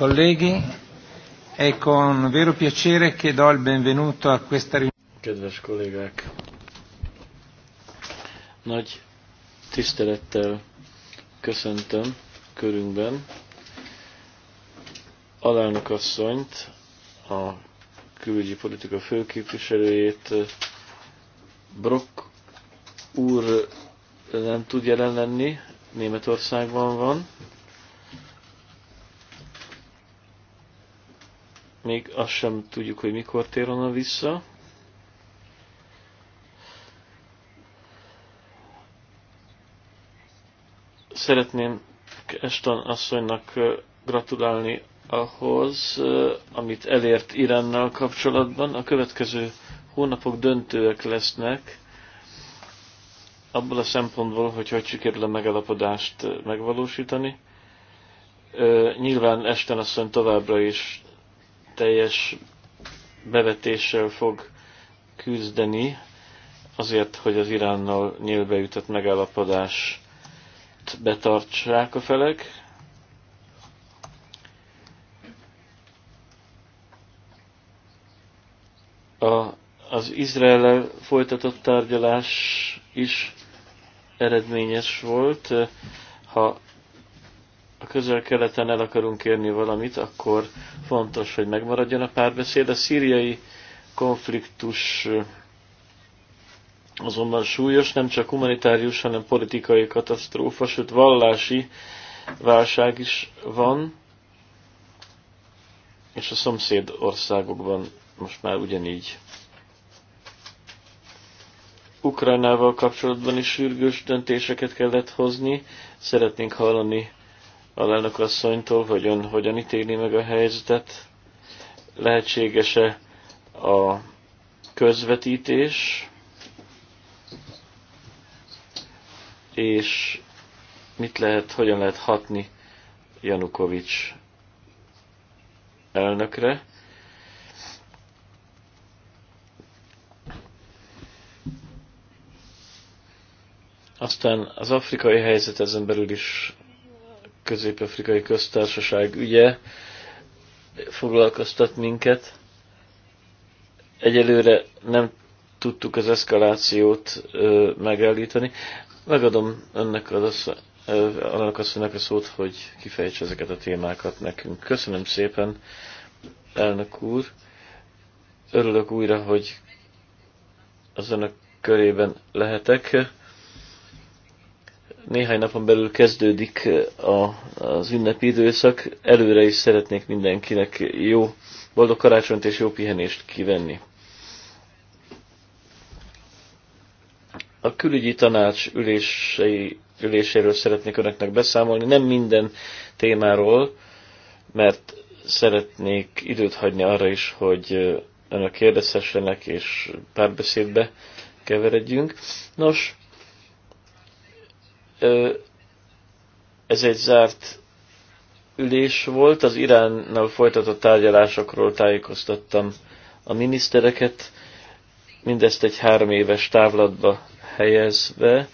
colleghi, è con vero piacere che do il benvenuto a questa riunione. Kedves kollégák, nagy tisztelettel köszöntöm körünkben alelnök asszonyt, a külügyi politika főképviselőjét, Brock úr nem tud jelen lenni, Németországban van, még azt sem tudjuk, hogy mikor tér onnan vissza. Szeretném Eston asszonynak gratulálni ahhoz, amit elért Irennel kapcsolatban. A következő hónapok döntőek lesznek abból a szempontból, hogy hogy sikerül a megalapodást megvalósítani. Nyilván Eston asszony továbbra is erőteljes bevetéssel fog küzdeni, azért, hogy az Iránnal nyílbeütött megállapodást betartsák a felek. A, az izrael folytatott tárgyalás is eredményes volt. Ha közel-keleten el akarunk érni valamit, akkor fontos, hogy megmaradjon a párbeszéd. A szíriai konfliktus azonban súlyos, nem csak humanitárius, hanem politikai katasztrófa, sőt vallási válság is van, és a szomszéd országokban most már ugyanígy. Ukrajnával kapcsolatban is sürgős döntéseket kellett hozni. Szeretnénk hallani alelnök asszonytól, hogy ön hogyan ítéli meg a helyzetet. Lehetséges-e a közvetítés, és mit lehet, hogyan lehet hatni Janukovics elnökre. Aztán az afrikai helyzet ezen belül is közép-afrikai köztársaság ügye foglalkoztat minket. Egyelőre nem tudtuk az eszkalációt ö, megállítani. Megadom önnek az annak mondják a szót, hogy kifejtse ezeket a témákat nekünk. Köszönöm szépen, elnök úr. Örülök újra, hogy az önök körében lehetek néhány napon belül kezdődik a, az ünnepi időszak. Előre is szeretnék mindenkinek jó, boldog karácsonyt és jó pihenést kivenni. A külügyi tanács ülései, üléséről szeretnék önöknek beszámolni. Nem minden témáról, mert szeretnék időt hagyni arra is, hogy önök kérdezhessenek és párbeszédbe keveredjünk. Nos, ez egy zárt ülés volt, az Iránnal folytatott tárgyalásokról tájékoztattam a minisztereket, mindezt egy három éves távlatba helyezve.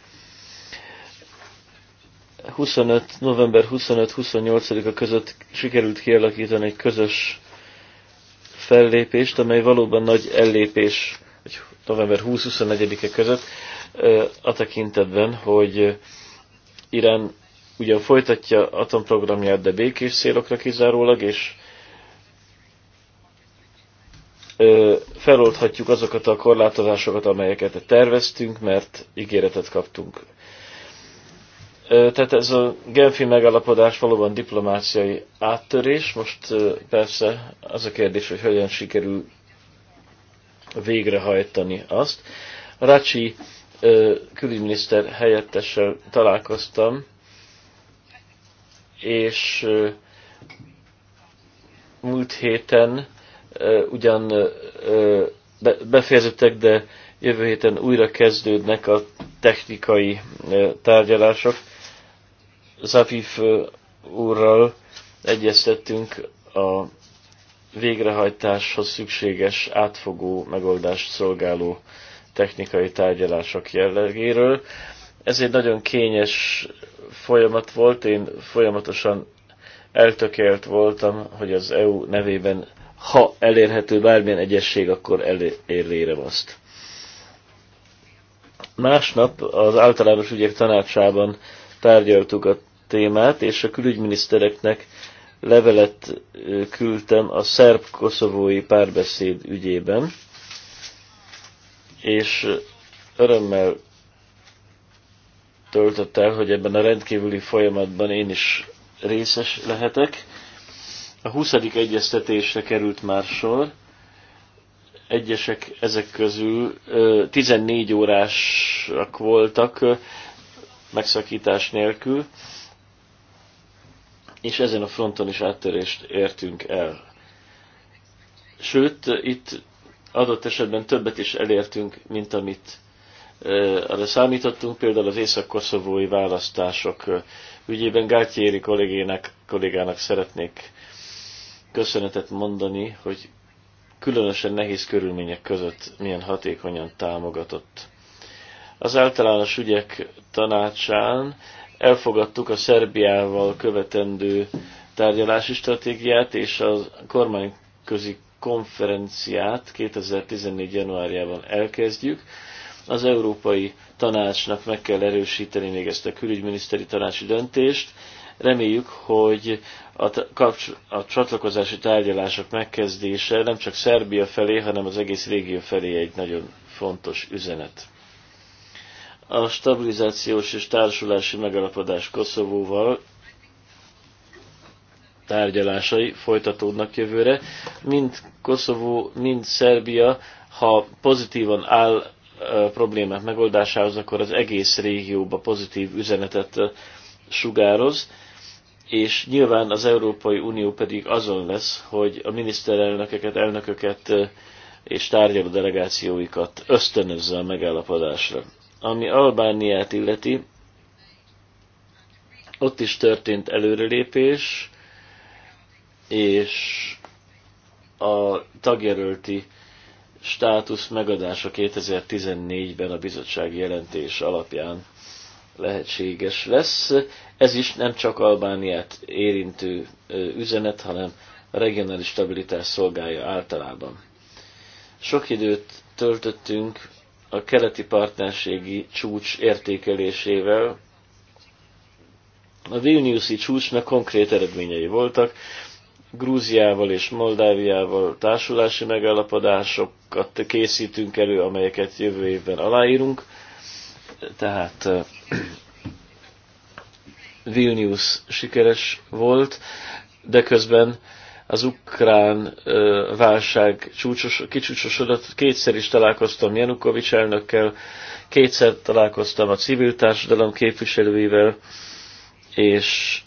25, november 25-28-a között sikerült kialakítani egy közös fellépést, amely valóban nagy ellépés, november 20-24-e között, a tekintetben, hogy Irán ugyan folytatja atomprogramját, de békés célokra kizárólag, és ö, feloldhatjuk azokat a korlátozásokat, amelyeket terveztünk, mert ígéretet kaptunk. Ö, tehát ez a Genfi megállapodás valóban diplomáciai áttörés. Most ö, persze az a kérdés, hogy hogyan sikerül végrehajtani azt. Racsi külügyminiszter helyettessel találkoztam, és múlt héten ugyan befejezettek, de jövő héten újra kezdődnek a technikai tárgyalások. Zafif úrral egyeztettünk a végrehajtáshoz szükséges átfogó megoldást szolgáló technikai tárgyalások jellegéről. Ez egy nagyon kényes folyamat volt, én folyamatosan eltökélt voltam, hogy az EU nevében, ha elérhető bármilyen egyesség, akkor elérjére azt. Másnap az általános ügyek tanácsában tárgyaltuk a témát, és a külügyminisztereknek levelet küldtem a szerb-koszovói párbeszéd ügyében és örömmel töltött el, hogy ebben a rendkívüli folyamatban én is részes lehetek. A 20. egyeztetésre került már sor. Egyesek ezek közül 14 órásak voltak megszakítás nélkül, és ezen a fronton is áttörést értünk el. Sőt, itt adott esetben többet is elértünk, mint amit arra számítottunk, például az észak-koszovói választások ügyében Gátyéri kollégának, kollégának szeretnék köszönetet mondani, hogy különösen nehéz körülmények között milyen hatékonyan támogatott. Az általános ügyek tanácsán elfogadtuk a Szerbiával követendő tárgyalási stratégiát és a kormányközi konferenciát 2014. januárjában elkezdjük. Az Európai Tanácsnak meg kell erősíteni még ezt a külügyminiszteri tanácsi döntést. Reméljük, hogy a, kapcs- a csatlakozási tárgyalások megkezdése nem csak Szerbia felé, hanem az egész régió felé egy nagyon fontos üzenet. A stabilizációs és társulási megalapodás Koszovóval tárgyalásai folytatódnak jövőre. Mind Koszovó, mind Szerbia, ha pozitívan áll problémák megoldásához, akkor az egész régióba pozitív üzenetet sugároz, és nyilván az Európai Unió pedig azon lesz, hogy a miniszterelnökeket, elnököket és tárgyaló delegációikat ösztönözze a megállapodásra. Ami Albániát illeti, ott is történt előrelépés, és a tagjelölti státusz megadása 2014-ben a bizottsági jelentés alapján lehetséges lesz. Ez is nem csak Albániát érintő üzenet, hanem a regionális stabilitás szolgálja általában. Sok időt töltöttünk a keleti partnerségi csúcs értékelésével. A Vilniuszi csúcsnak konkrét eredményei voltak, Grúziával és Moldáviával társulási megállapodásokat készítünk elő, amelyeket jövő évben aláírunk. Tehát Vilnius sikeres volt, de közben az ukrán válság csúcsos, kicsúcsosodott. Kétszer is találkoztam Janukovics elnökkel, kétszer találkoztam a civil társadalom képviselőivel, és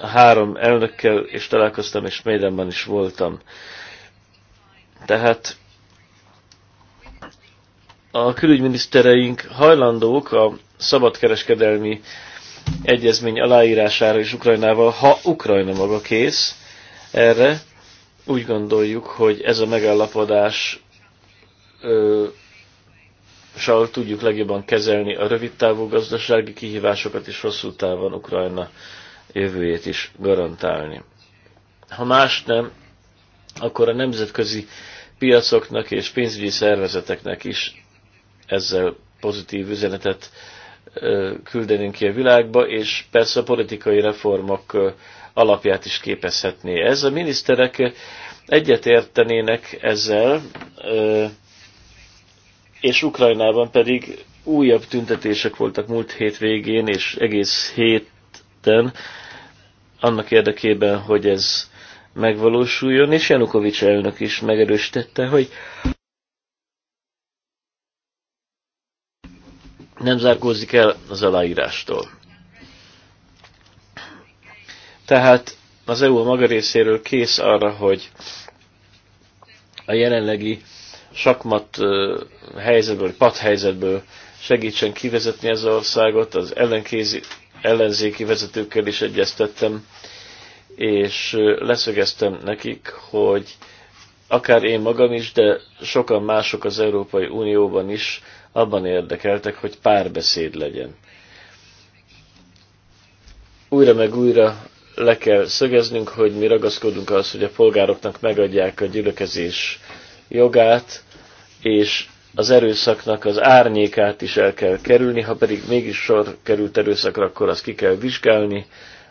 három elnökkel és találkoztam, és Médenben is voltam. Tehát a külügyminisztereink hajlandók a szabadkereskedelmi egyezmény aláírására is Ukrajnával, ha Ukrajna maga kész erre, úgy gondoljuk, hogy ez a megállapodás ö, sal tudjuk legjobban kezelni a rövidtávú gazdasági kihívásokat és hosszú távon Ukrajna jövőjét is garantálni. Ha más nem, akkor a nemzetközi piacoknak és pénzügyi szervezeteknek is ezzel pozitív üzenetet küldenünk ki a világba, és persze a politikai reformok alapját is képezhetné. Ez a miniszterek egyetértenének ezzel, és Ukrajnában pedig újabb tüntetések voltak múlt hét végén és egész héten annak érdekében, hogy ez megvalósuljon, és Janukovics elnök is megerősítette, hogy nem zárkózik el az aláírástól. Tehát az EU a maga részéről kész arra, hogy a jelenlegi sakmat helyzetből, pat helyzetből segítsen kivezetni az országot, az ellenkézi, ellenzéki vezetőkkel is egyeztettem, és leszögeztem nekik, hogy akár én magam is, de sokan mások az Európai Unióban is abban érdekeltek, hogy párbeszéd legyen. Újra meg újra le kell szögeznünk, hogy mi ragaszkodunk ahhoz, hogy a polgároknak megadják a gyülekezés jogát, és az erőszaknak az árnyékát is el kell kerülni, ha pedig mégis sor került erőszakra, akkor azt ki kell vizsgálni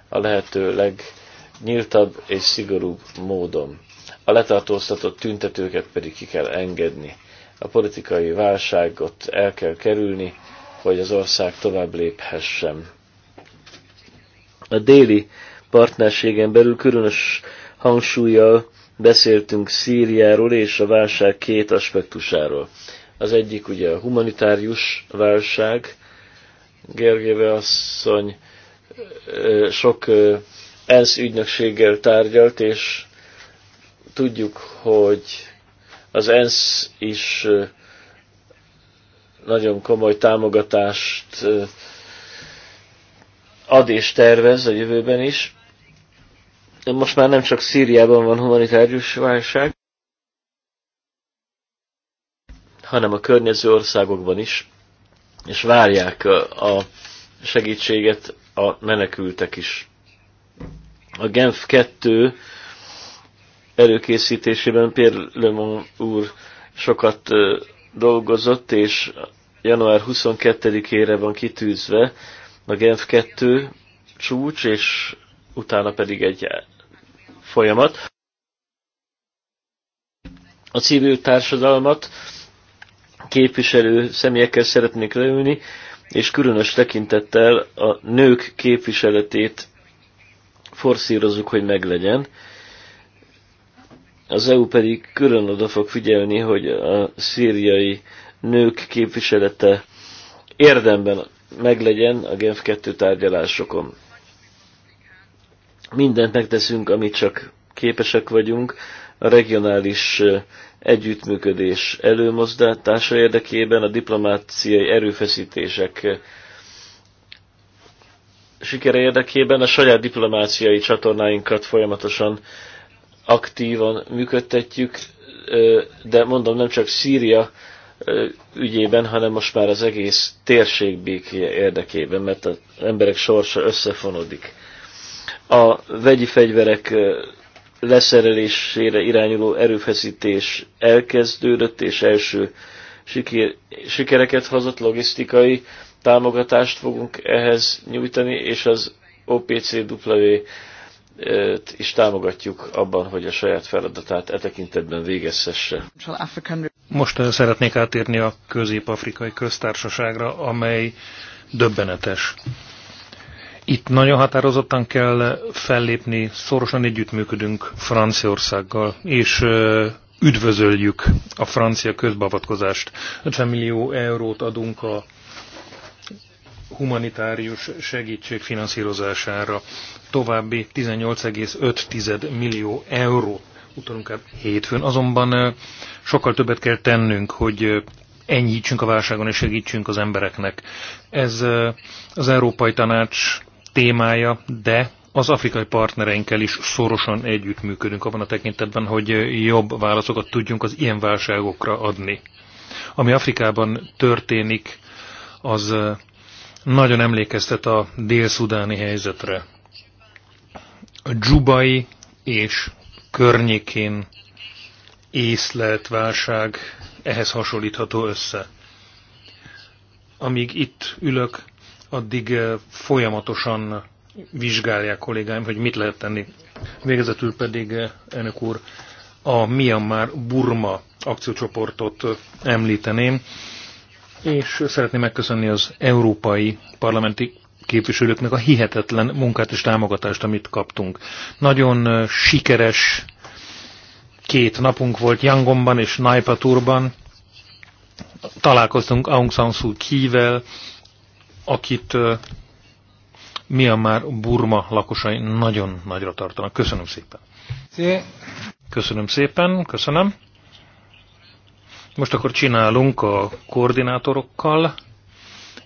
a lehető legnyíltabb és szigorúbb módon. A letartóztatott tüntetőket pedig ki kell engedni. A politikai válságot el kell kerülni, hogy az ország tovább léphessen. A déli partnerségen belül különös hangsúlyjal beszéltünk Szíriáról és a válság két aspektusáról. Az egyik ugye a humanitárius válság, Gergéve asszony sok ENSZ ügynökséggel tárgyalt, és tudjuk, hogy az ENSZ is nagyon komoly támogatást ad és tervez a jövőben is most már nem csak Szíriában van humanitárius válság, hanem a környező országokban is, és várják a segítséget a menekültek is. A Genf 2 előkészítésében Lemon úr sokat dolgozott, és január 22-ére van kitűzve a Genf 2 csúcs, és utána pedig egy folyamat. A civil társadalmat képviselő személyekkel szeretnék leülni, és különös tekintettel a nők képviseletét forszírozunk, hogy meglegyen. Az EU pedig külön oda fog figyelni, hogy a szíriai nők képviselete érdemben meglegyen a Genf 2 tárgyalásokon. Mindent megteszünk, amit csak képesek vagyunk a regionális együttműködés előmozdítása érdekében, a diplomáciai erőfeszítések sikere érdekében a saját diplomáciai csatornáinkat folyamatosan aktívan működtetjük, de mondom, nem csak Szíria ügyében, hanem most már az egész térség békéje érdekében, mert az emberek sorsa összefonodik a vegyi fegyverek leszerelésére irányuló erőfeszítés elkezdődött, és első siker, sikereket hozott, logisztikai támogatást fogunk ehhez nyújtani, és az OPCW is támogatjuk abban, hogy a saját feladatát e tekintetben végezhesse. Most szeretnék átérni a Közép-Afrikai Köztársaságra, amely döbbenetes itt nagyon határozottan kell fellépni, szorosan együttműködünk Franciaországgal, és üdvözöljük a francia közbeavatkozást. 50 millió eurót adunk a humanitárius segítség finanszírozására. További 18,5 millió eurót utalunk el hétfőn. Azonban sokkal többet kell tennünk, hogy enyhítsünk a válságon és segítsünk az embereknek. Ez az Európai Tanács témája, de az afrikai partnereinkkel is szorosan együttműködünk abban a tekintetben, hogy jobb válaszokat tudjunk az ilyen válságokra adni. Ami Afrikában történik, az nagyon emlékeztet a dél-szudáni helyzetre. A dzsubai és környékén észlelt válság ehhez hasonlítható össze. Amíg itt ülök, addig eh, folyamatosan vizsgálják kollégáim, hogy mit lehet tenni. Végezetül pedig, eh, elnök úr, a Myanmar-Burma akciócsoportot eh, említeném, és szeretném megköszönni az európai parlamenti képviselőknek a hihetetlen munkát és támogatást, amit kaptunk. Nagyon sikeres két napunk volt Yangonban és Naipaturban. Találkoztunk Aung San Suu Kyi-vel, akit Myanmar Burma lakosai nagyon nagyra tartanak. Köszönöm szépen. Köszönöm szépen, köszönöm. Most akkor csinálunk a koordinátorokkal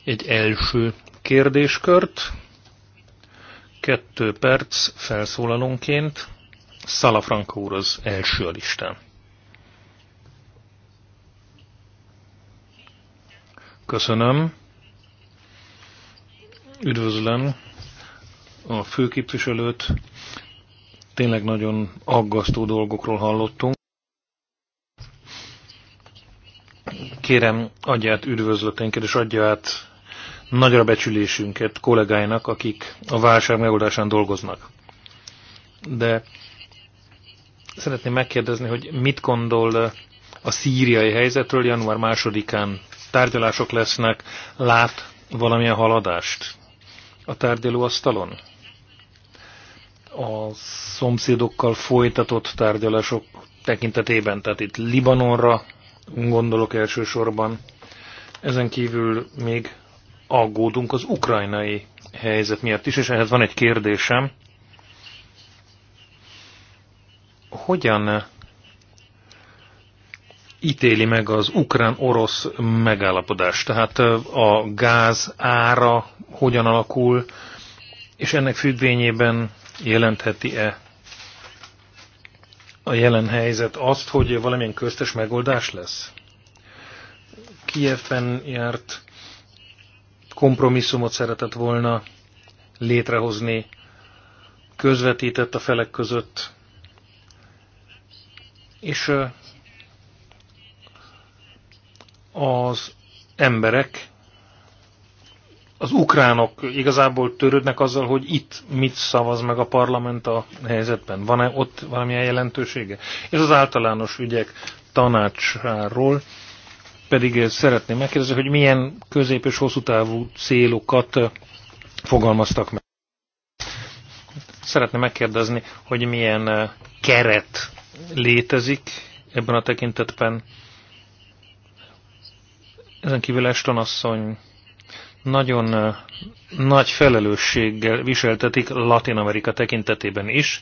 egy első kérdéskört. Kettő perc felszólalónként. Szalafranka úr az első a listán. Köszönöm. Üdvözlöm a főképviselőt. Tényleg nagyon aggasztó dolgokról hallottunk. Kérem, adját át üdvözleténket, és adja át nagyra becsülésünket kollégáinak, akik a válság megoldásán dolgoznak. De szeretném megkérdezni, hogy mit gondol a szíriai helyzetről január másodikán tárgyalások lesznek, lát valamilyen haladást? a tárgyalóasztalon? A szomszédokkal folytatott tárgyalások tekintetében, tehát itt Libanonra gondolok elsősorban, ezen kívül még aggódunk az ukrajnai helyzet miatt is, és ehhez van egy kérdésem. Hogyan ítéli meg az ukrán-orosz megállapodást. Tehát a gáz ára hogyan alakul, és ennek függvényében jelentheti-e a jelen helyzet azt, hogy valamilyen köztes megoldás lesz? Kievben járt kompromisszumot szeretett volna létrehozni, közvetített a felek között, és az emberek, az ukránok igazából törődnek azzal, hogy itt mit szavaz meg a parlament a helyzetben? Van-e ott valamilyen jelentősége? És az általános ügyek tanácsáról pedig szeretném megkérdezni, hogy milyen közép- és hosszú távú célokat fogalmaztak meg. Szeretném megkérdezni, hogy milyen keret létezik ebben a tekintetben, ezen kívül Eston asszony nagyon nagy felelősséggel viseltetik Latin Amerika tekintetében is.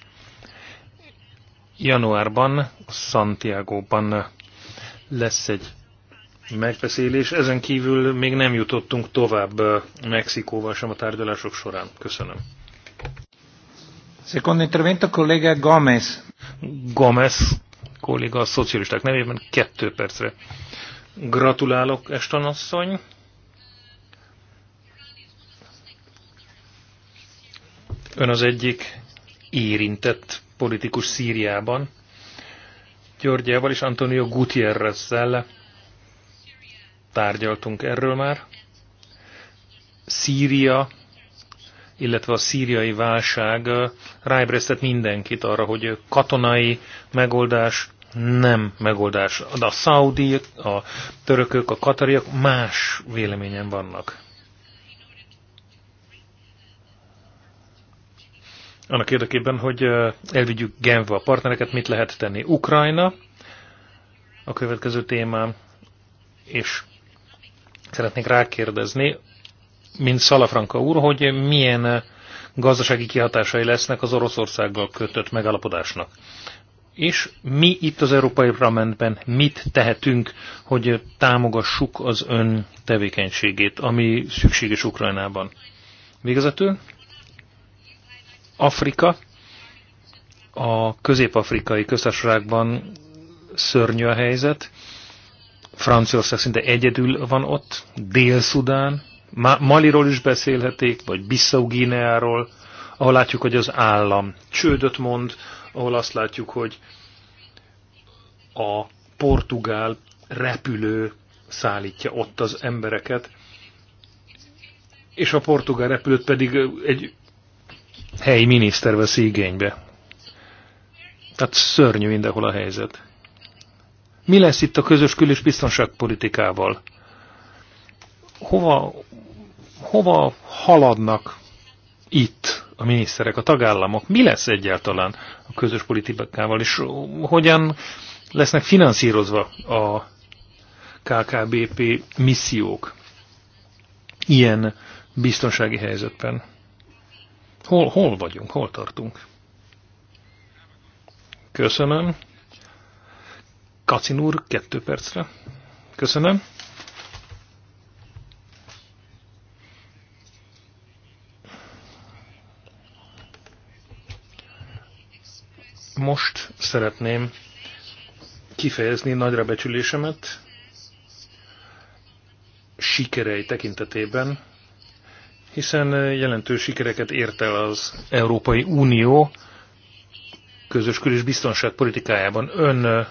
Januárban Santiago-ban lesz egy megbeszélés. Ezen kívül még nem jutottunk tovább Mexikóval sem a tárgyalások során. Köszönöm. Secondo intervento kollega Gomez. Gomez kolléga a szocialisták nevében kettő percre. Gratulálok, Eston asszony. Ön az egyik érintett politikus Szíriában. Györgyával és Antonio Gutierrezzel tárgyaltunk erről már. Szíria, illetve a szíriai válság ráébresztett mindenkit arra, hogy katonai megoldás nem megoldás. De a szaudiak, a törökök, a katariak más véleményen vannak. Annak érdekében, hogy elvigyük Genva a partnereket, mit lehet tenni. Ukrajna a következő témám, és szeretnék rákérdezni, mint Szalafranka úr, hogy milyen gazdasági kihatásai lesznek az Oroszországgal kötött megalapodásnak és mi itt az Európai Parlamentben mit tehetünk, hogy támogassuk az ön tevékenységét, ami szükséges Ukrajnában. Végezetül Afrika, a közép-afrikai köztársaságban szörnyű a helyzet, Franciaország szinte egyedül van ott, Dél-Szudán, Maliról is beszélhetik, vagy Bissau-Gineáról, ahol látjuk, hogy az állam csődöt mond, ahol azt látjuk, hogy a portugál repülő szállítja ott az embereket, és a portugál repülőt pedig egy helyi miniszter veszi igénybe. Tehát szörnyű mindenhol a helyzet. Mi lesz itt a közös kül- és biztonságpolitikával? Hova, hova haladnak itt a miniszterek, a tagállamok, mi lesz egyáltalán a közös politikával, és hogyan lesznek finanszírozva a KKBP missziók ilyen biztonsági helyzetben. Hol, hol vagyunk, hol tartunk? Köszönöm. Kacin úr, kettő percre. Köszönöm. Most szeretném kifejezni nagyra becsülésemet sikerei tekintetében, hiszen jelentős sikereket ért el az Európai Unió közös kül- és biztonságpolitikájában. Ön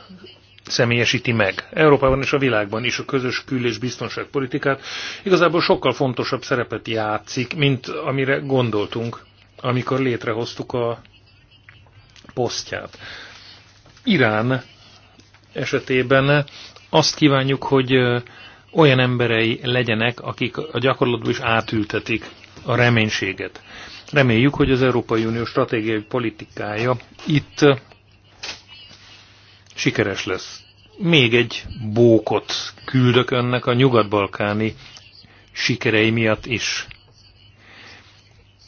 személyesíti meg. Európában és a világban is a közös kül- és biztonságpolitikát igazából sokkal fontosabb szerepet játszik, mint amire gondoltunk, amikor létrehoztuk a posztját. Irán esetében azt kívánjuk, hogy olyan emberei legyenek, akik a gyakorlatban is átültetik a reménységet. Reméljük, hogy az Európai Unió stratégiai politikája itt sikeres lesz. Még egy bókot küldök önnek a nyugat-balkáni sikerei miatt is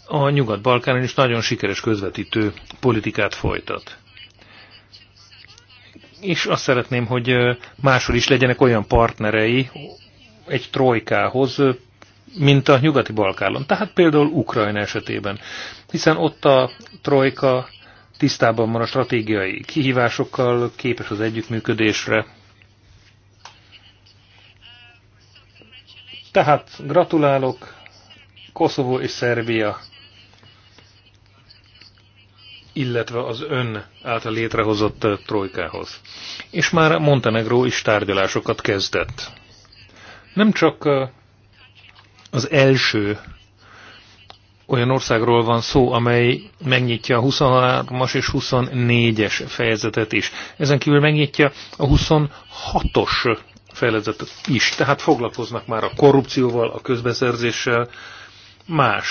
a Nyugat-Balkánon is nagyon sikeres közvetítő politikát folytat. És azt szeretném, hogy máshol is legyenek olyan partnerei egy trojkához, mint a nyugati Balkánon. Tehát például Ukrajna esetében. Hiszen ott a trojka tisztában van a stratégiai kihívásokkal, képes az együttműködésre. Tehát gratulálok, Koszovó és Szerbia illetve az ön által létrehozott trojkához. És már Montenegró is tárgyalásokat kezdett. Nem csak az első olyan országról van szó, amely megnyitja a 23-as és 24-es fejezetet is. Ezen kívül megnyitja a 26-os fejezetet is. Tehát foglalkoznak már a korrupcióval, a közbeszerzéssel, más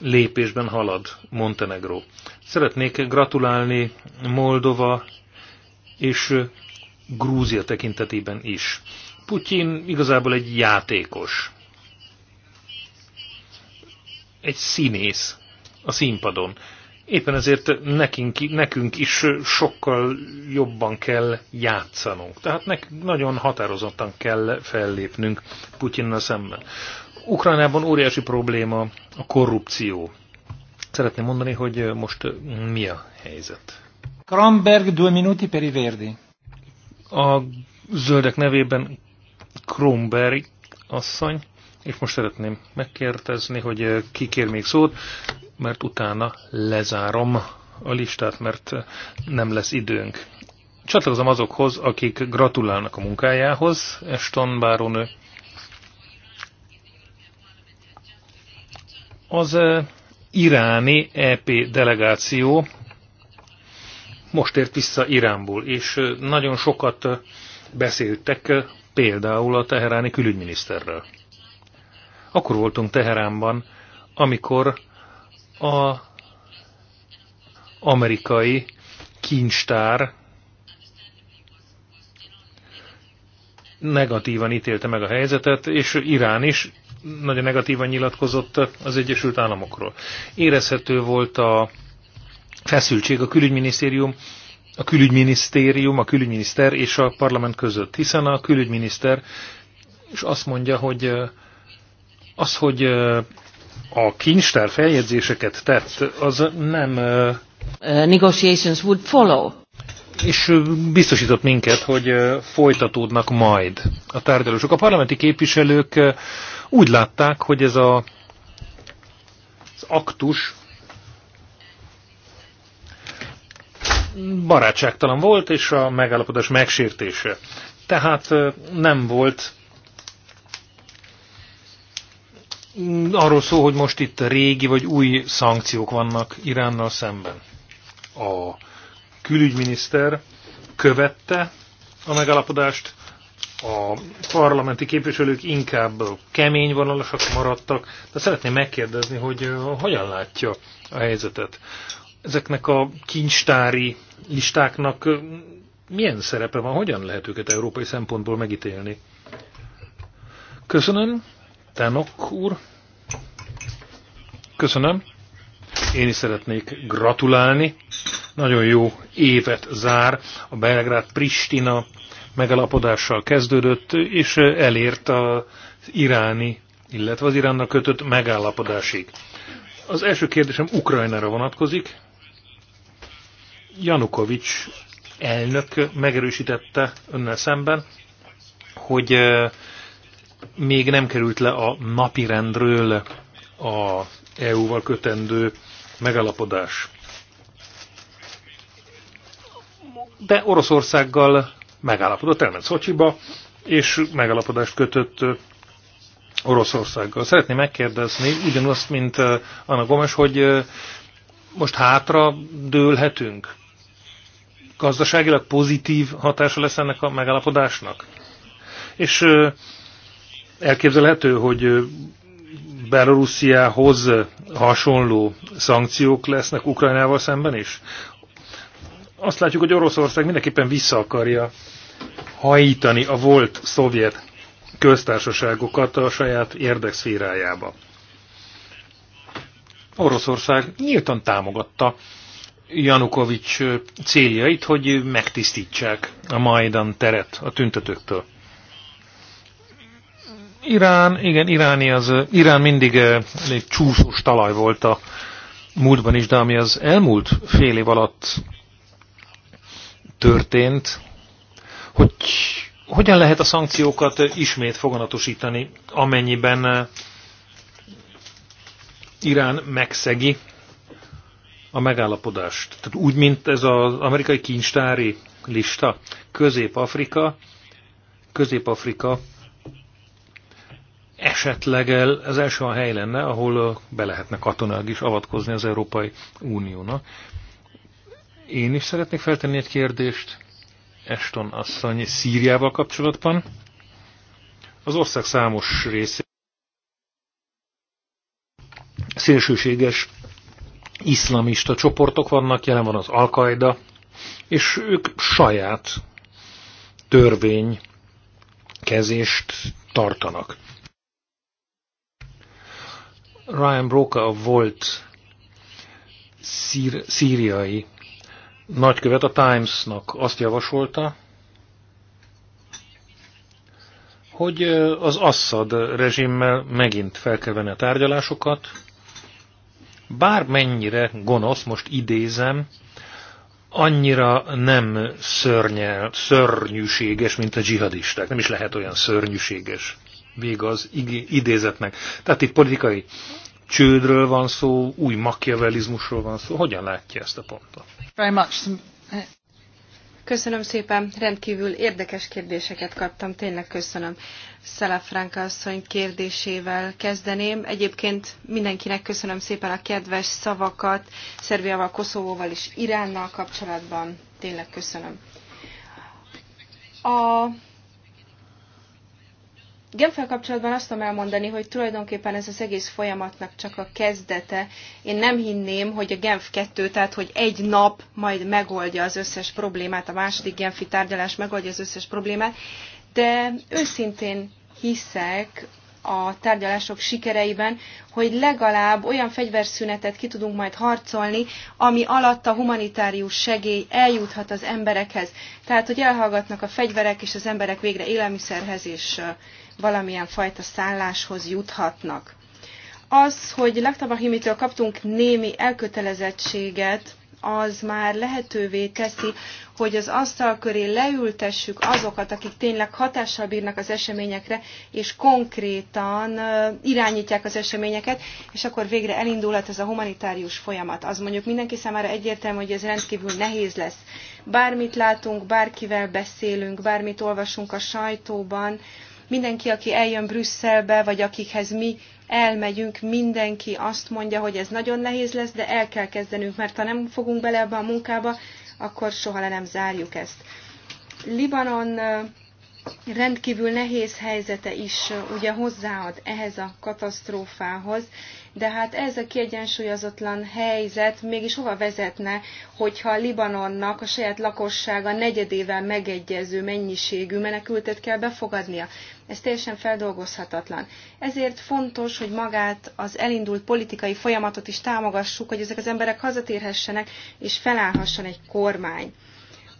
lépésben halad Montenegró. Szeretnék gratulálni Moldova és Grúzia tekintetében is. Putyin igazából egy játékos. Egy színész a színpadon. Éppen ezért nekünk, nekünk is sokkal jobban kell játszanunk. Tehát nekünk nagyon határozottan kell fellépnünk Putyinnal szemben. Ukrajnában óriási probléma a korrupció szeretném mondani, hogy most mi a helyzet. Kramberg, due minuti per i verdi. A zöldek nevében Kromberg asszony, és most szeretném megkérdezni, hogy ki kér még szót, mert utána lezárom a listát, mert nem lesz időnk. Csatlakozom azokhoz, akik gratulálnak a munkájához, Eston Báronő. Az iráni EP delegáció most ért vissza Iránból, és nagyon sokat beszéltek például a teheráni külügyminiszterrel. Akkor voltunk Teheránban, amikor a amerikai kincstár negatívan ítélte meg a helyzetet, és Irán is nagyon negatívan nyilatkozott az Egyesült Államokról. Érezhető volt a feszültség a külügyminisztérium, a külügyminisztérium, a külügyminiszter és a parlament között, hiszen a külügyminiszter és azt mondja, hogy eh, az, hogy eh, a kincstár feljegyzéseket tett, az nem... Eh, uh, negotiations would follow. És biztosított minket, hogy folytatódnak majd a tárgyalások. A parlamenti képviselők úgy látták, hogy ez a, az aktus barátságtalan volt, és a megállapodás megsértése. Tehát nem volt arról szó, hogy most itt régi vagy új szankciók vannak Iránnal szemben. A külügyminiszter követte a megállapodást, a parlamenti képviselők inkább kemény vonalasak maradtak, de szeretném megkérdezni, hogy hogyan látja a helyzetet. Ezeknek a kincstári listáknak milyen szerepe van, hogyan lehet őket európai szempontból megítélni? Köszönöm, Tenok úr. Köszönöm. Én is szeretnék gratulálni. Nagyon jó évet zár a Belgrád-Pristina megalapodással kezdődött, és elért az iráni, illetve az Iránnal kötött megállapodásig. Az első kérdésem Ukrajnára vonatkozik. Janukovics elnök megerősítette önnel szemben, hogy eh, még nem került le a napirendről a EU-val kötendő megalapodás. De Oroszországgal megállapodott, elment Szocsiba, és megállapodást kötött Oroszországgal. Szeretném megkérdezni, ugyanazt, mint Anna Gomes, hogy most hátra dőlhetünk? Gazdaságilag pozitív hatása lesz ennek a megállapodásnak? És elképzelhető, hogy Belorussziához hasonló szankciók lesznek Ukrajnával szemben is? azt látjuk, hogy Oroszország mindenképpen vissza akarja hajítani a volt szovjet köztársaságokat a saját érdekszférájába. Oroszország nyíltan támogatta Janukovics céljait, hogy megtisztítsák a Majdan teret a tüntetőktől. Irán, igen, Iráni az, Irán mindig egy eh, csúszós talaj volt a múltban is, de ami az elmúlt fél év alatt történt, hogy hogyan lehet a szankciókat ismét foganatosítani, amennyiben eh, Irán megszegi a megállapodást. Tehát úgy, mint ez az amerikai kincstári lista, Közép-Afrika, Közép-Afrika esetleg az első a hely lenne, ahol eh, be lehetne katonák is avatkozni az Európai Uniónak. Én is szeretnék feltenni egy kérdést Eston asszony Szíriával kapcsolatban. Az ország számos része szélsőséges iszlamista csoportok vannak, jelen van az Al-Qaeda, és ők saját törvény kezést tartanak. Ryan Broca volt szír, szíriai nagykövet a Times-nak azt javasolta, hogy az Assad rezsimmel megint fel kell venni a tárgyalásokat, bármennyire gonosz, most idézem, annyira nem szörnye, szörnyűséges, mint a dzsihadisták. Nem is lehet olyan szörnyűséges vég az idézetnek. Tehát itt politikai csődről van szó, új makiavelizmusról van szó. Hogyan látja ezt a pontot? Very much. Köszönöm szépen, rendkívül érdekes kérdéseket kaptam, tényleg köszönöm. Franka asszony kérdésével kezdeném. Egyébként mindenkinek köszönöm szépen a kedves szavakat Szerbiával, Koszovóval és Iránnal kapcsolatban. Tényleg köszönöm. A Genfel kapcsolatban azt tudom elmondani, hogy tulajdonképpen ez az egész folyamatnak csak a kezdete. Én nem hinném, hogy a Genf 2, tehát hogy egy nap majd megoldja az összes problémát, a második Genfi tárgyalás megoldja az összes problémát, de őszintén hiszek a tárgyalások sikereiben, hogy legalább olyan fegyverszünetet ki tudunk majd harcolni, ami alatt a humanitárius segély eljuthat az emberekhez. Tehát, hogy elhallgatnak a fegyverek, és az emberek végre élelmiszerhez és valamilyen fajta szálláshoz juthatnak. Az, hogy Laktabahimitől kaptunk némi elkötelezettséget, az már lehetővé teszi, hogy az asztal köré leültessük azokat, akik tényleg hatással bírnak az eseményekre, és konkrétan irányítják az eseményeket, és akkor végre elindulhat ez a humanitárius folyamat. Az mondjuk mindenki számára egyértelmű, hogy ez rendkívül nehéz lesz. Bármit látunk, bárkivel beszélünk, bármit olvasunk a sajtóban, Mindenki, aki eljön Brüsszelbe, vagy akikhez mi elmegyünk, mindenki azt mondja, hogy ez nagyon nehéz lesz, de el kell kezdenünk, mert ha nem fogunk bele ebbe a munkába, akkor soha le nem zárjuk ezt. Libanon rendkívül nehéz helyzete is ugye hozzáad ehhez a katasztrófához, de hát ez a kiegyensúlyozatlan helyzet mégis hova vezetne, hogyha Libanonnak a saját lakossága negyedével megegyező mennyiségű menekültet kell befogadnia. Ez teljesen feldolgozhatatlan. Ezért fontos, hogy magát az elindult politikai folyamatot is támogassuk, hogy ezek az emberek hazatérhessenek és felállhasson egy kormány.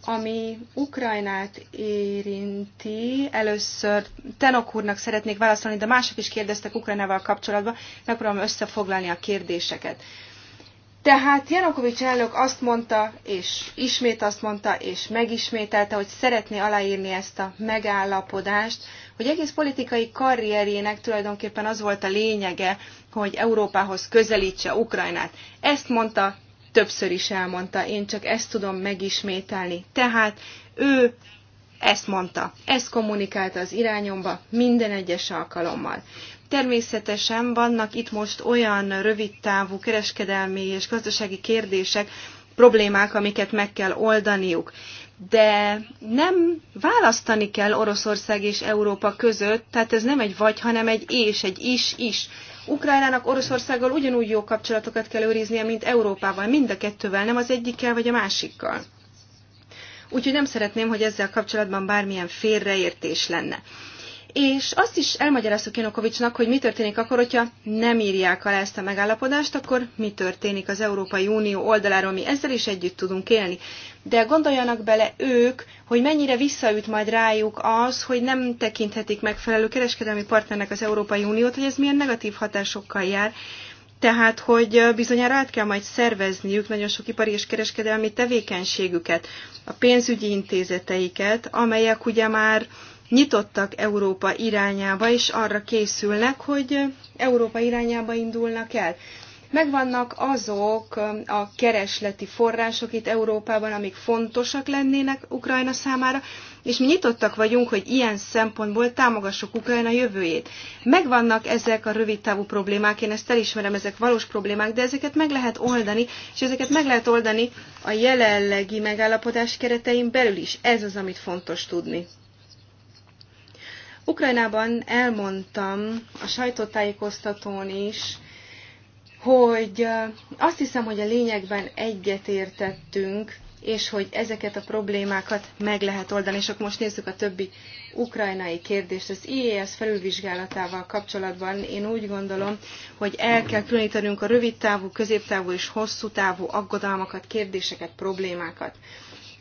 Ami Ukrajnát érinti, először Tenok úrnak szeretnék válaszolni, de mások is kérdeztek Ukrajnával kapcsolatban, megpróbálom összefoglalni a kérdéseket. Tehát Janukovics elnök azt mondta, és ismét azt mondta, és megismételte, hogy szeretné aláírni ezt a megállapodást, hogy egész politikai karrierjének tulajdonképpen az volt a lényege, hogy Európához közelítse Ukrajnát. Ezt mondta többször is elmondta, én csak ezt tudom megismételni. Tehát ő ezt mondta, ezt kommunikálta az irányomba minden egyes alkalommal. Természetesen vannak itt most olyan rövidtávú kereskedelmi és gazdasági kérdések, problémák, amiket meg kell oldaniuk. De nem választani kell Oroszország és Európa között, tehát ez nem egy vagy, hanem egy és, egy is, is. Ukrajnának Oroszországgal ugyanúgy jó kapcsolatokat kell őriznie, mint Európával, mind a kettővel, nem az egyikkel vagy a másikkal. Úgyhogy nem szeretném, hogy ezzel kapcsolatban bármilyen félreértés lenne. És azt is elmagyaráztuk Janukovicsnak, hogy mi történik akkor, hogyha nem írják alá ezt a megállapodást, akkor mi történik az Európai Unió oldaláról, mi ezzel is együtt tudunk élni de gondoljanak bele ők, hogy mennyire visszaüt majd rájuk az, hogy nem tekinthetik megfelelő kereskedelmi partnernek az Európai Uniót, hogy ez milyen negatív hatásokkal jár. Tehát, hogy bizonyára át kell majd szervezniük nagyon sok ipari és kereskedelmi tevékenységüket, a pénzügyi intézeteiket, amelyek ugye már nyitottak Európa irányába, és arra készülnek, hogy Európa irányába indulnak el. Megvannak azok a keresleti források itt Európában, amik fontosak lennének Ukrajna számára, és mi nyitottak vagyunk, hogy ilyen szempontból támogassuk Ukrajna jövőjét. Megvannak ezek a rövidtávú problémák, én ezt elismerem, ezek valós problémák, de ezeket meg lehet oldani, és ezeket meg lehet oldani a jelenlegi megállapodás keretein belül is. Ez az, amit fontos tudni. Ukrajnában elmondtam a sajtótájékoztatón is, hogy azt hiszem, hogy a lényegben egyetértettünk, és hogy ezeket a problémákat meg lehet oldani. És akkor most nézzük a többi ukrajnai kérdést. Az IES felülvizsgálatával kapcsolatban én úgy gondolom, hogy el kell különítenünk a rövidtávú, középtávú és hosszú távú aggodalmakat, kérdéseket, problémákat.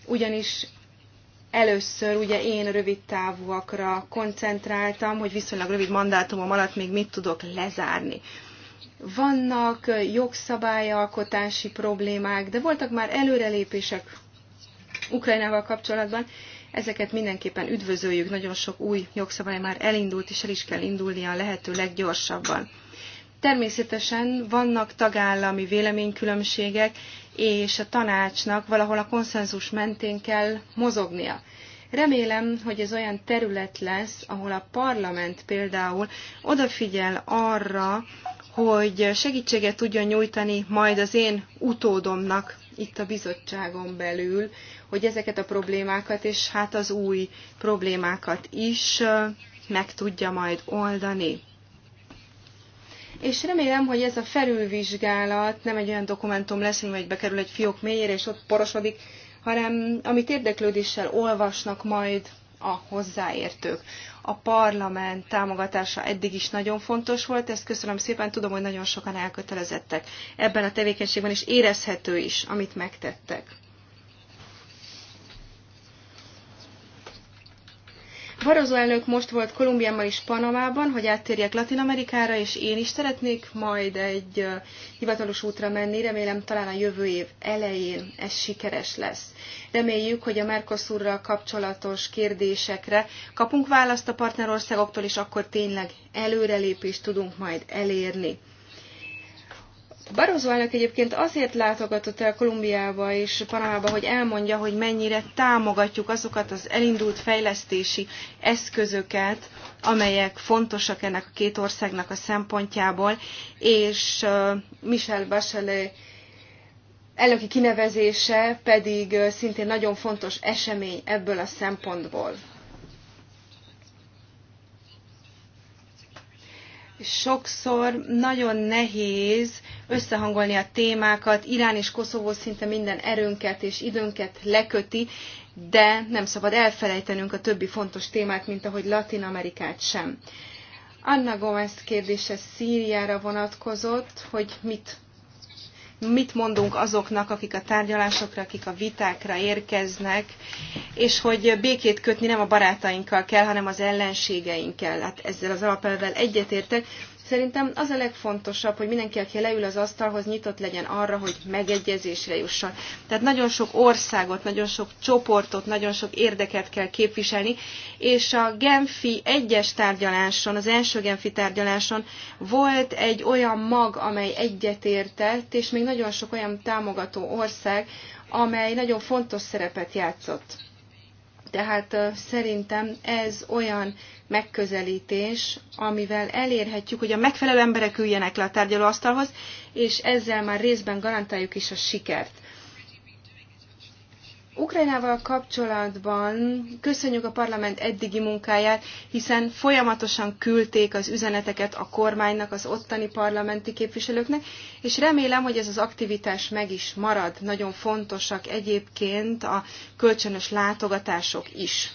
Ugyanis először ugye én rövid távúakra koncentráltam, hogy viszonylag rövid mandátumom alatt még mit tudok lezárni. Vannak jogszabályalkotási problémák, de voltak már előrelépések Ukrajnával kapcsolatban. Ezeket mindenképpen üdvözöljük, nagyon sok új jogszabály már elindult, és el is kell indulnia a lehető leggyorsabban. Természetesen vannak tagállami véleménykülönbségek, és a tanácsnak valahol a konszenzus mentén kell mozognia. Remélem, hogy ez olyan terület lesz, ahol a parlament például odafigyel arra, hogy segítséget tudjon nyújtani majd az én utódomnak itt a bizottságon belül, hogy ezeket a problémákat és hát az új problémákat is meg tudja majd oldani. És remélem, hogy ez a felülvizsgálat nem egy olyan dokumentum lesz, hogy bekerül egy fiók mélyére, és ott porosodik, hanem amit érdeklődéssel olvasnak majd a hozzáértők a parlament támogatása eddig is nagyon fontos volt, ezt köszönöm szépen, tudom, hogy nagyon sokan elkötelezettek ebben a tevékenységben, és érezhető is, amit megtettek. Barozó elnök most volt Kolumbiában és Panamában, hogy áttérjek Latin Amerikára, és én is szeretnék majd egy hivatalos útra menni, remélem talán a jövő év elején ez sikeres lesz. Reméljük, hogy a Mercosurral kapcsolatos kérdésekre kapunk választ a partnerországoktól, és akkor tényleg előrelépést tudunk majd elérni. Barroso elnök egyébként azért látogatott el Kolumbiába és Panamába, hogy elmondja, hogy mennyire támogatjuk azokat az elindult fejlesztési eszközöket, amelyek fontosak ennek a két országnak a szempontjából, és Michel Bachelet elnöki kinevezése pedig szintén nagyon fontos esemény ebből a szempontból. sokszor nagyon nehéz összehangolni a témákat, Irán és Koszovó szinte minden erőnket és időnket leköti, de nem szabad elfelejtenünk a többi fontos témát, mint ahogy Latin Amerikát sem. Anna Gomez kérdése Szíriára vonatkozott, hogy mit mit mondunk azoknak, akik a tárgyalásokra, akik a vitákra érkeznek, és hogy békét kötni nem a barátainkkal kell, hanem az ellenségeinkkel. Hát ezzel az alapelvel egyetértek, Szerintem az a legfontosabb, hogy mindenki, aki leül az asztalhoz, nyitott legyen arra, hogy megegyezésre jusson. Tehát nagyon sok országot, nagyon sok csoportot, nagyon sok érdeket kell képviselni, és a Genfi egyes tárgyaláson, az első Genfi tárgyaláson volt egy olyan mag, amely egyetértett, és még nagyon sok olyan támogató ország, amely nagyon fontos szerepet játszott. Tehát szerintem ez olyan megközelítés, amivel elérhetjük, hogy a megfelelő emberek üljenek le a tárgyalóasztalhoz, és ezzel már részben garantáljuk is a sikert. Ukrajnával kapcsolatban köszönjük a parlament eddigi munkáját, hiszen folyamatosan küldték az üzeneteket a kormánynak, az ottani parlamenti képviselőknek, és remélem, hogy ez az aktivitás meg is marad. Nagyon fontosak egyébként a kölcsönös látogatások is.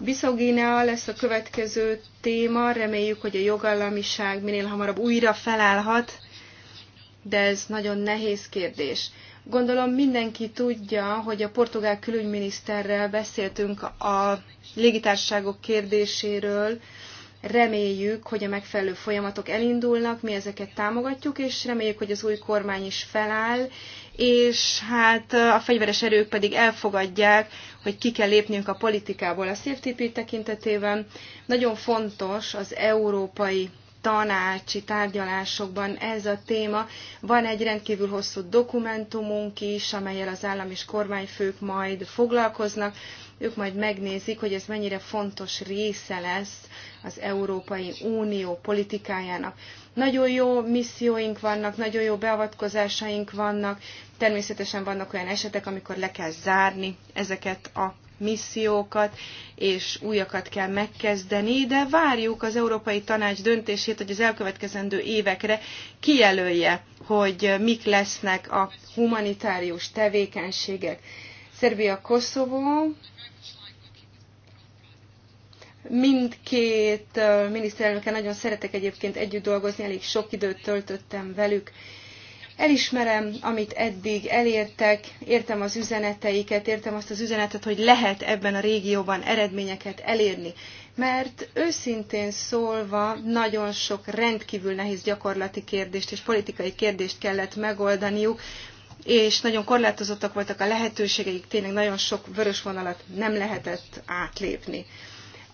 Biszogínea lesz a következő téma, reméljük, hogy a jogállamiság minél hamarabb újra felállhat, de ez nagyon nehéz kérdés. Gondolom mindenki tudja, hogy a portugál külügyminiszterrel beszéltünk a légitárságok kérdéséről, reméljük, hogy a megfelelő folyamatok elindulnak, mi ezeket támogatjuk, és reméljük, hogy az új kormány is feláll, és hát a fegyveres erők pedig elfogadják, hogy ki kell lépnünk a politikából a CFTP tekintetében. Nagyon fontos az európai tanácsi tárgyalásokban ez a téma. Van egy rendkívül hosszú dokumentumunk is, amelyel az állam és kormányfők majd foglalkoznak. Ők majd megnézik, hogy ez mennyire fontos része lesz az Európai Unió politikájának. Nagyon jó misszióink vannak, nagyon jó beavatkozásaink vannak, természetesen vannak olyan esetek, amikor le kell zárni ezeket a missziókat, és újakat kell megkezdeni, de várjuk az Európai Tanács döntését, hogy az elkövetkezendő évekre kijelölje, hogy mik lesznek a humanitárius tevékenységek. Szerbia-Koszovó, mindkét miniszterelnökkel nagyon szeretek egyébként együtt dolgozni, elég sok időt töltöttem velük, Elismerem, amit eddig elértek, értem az üzeneteiket, értem azt az üzenetet, hogy lehet ebben a régióban eredményeket elérni. Mert őszintén szólva nagyon sok rendkívül nehéz gyakorlati kérdést és politikai kérdést kellett megoldaniuk, és nagyon korlátozottak voltak a lehetőségeik, tényleg nagyon sok vörös vonalat nem lehetett átlépni.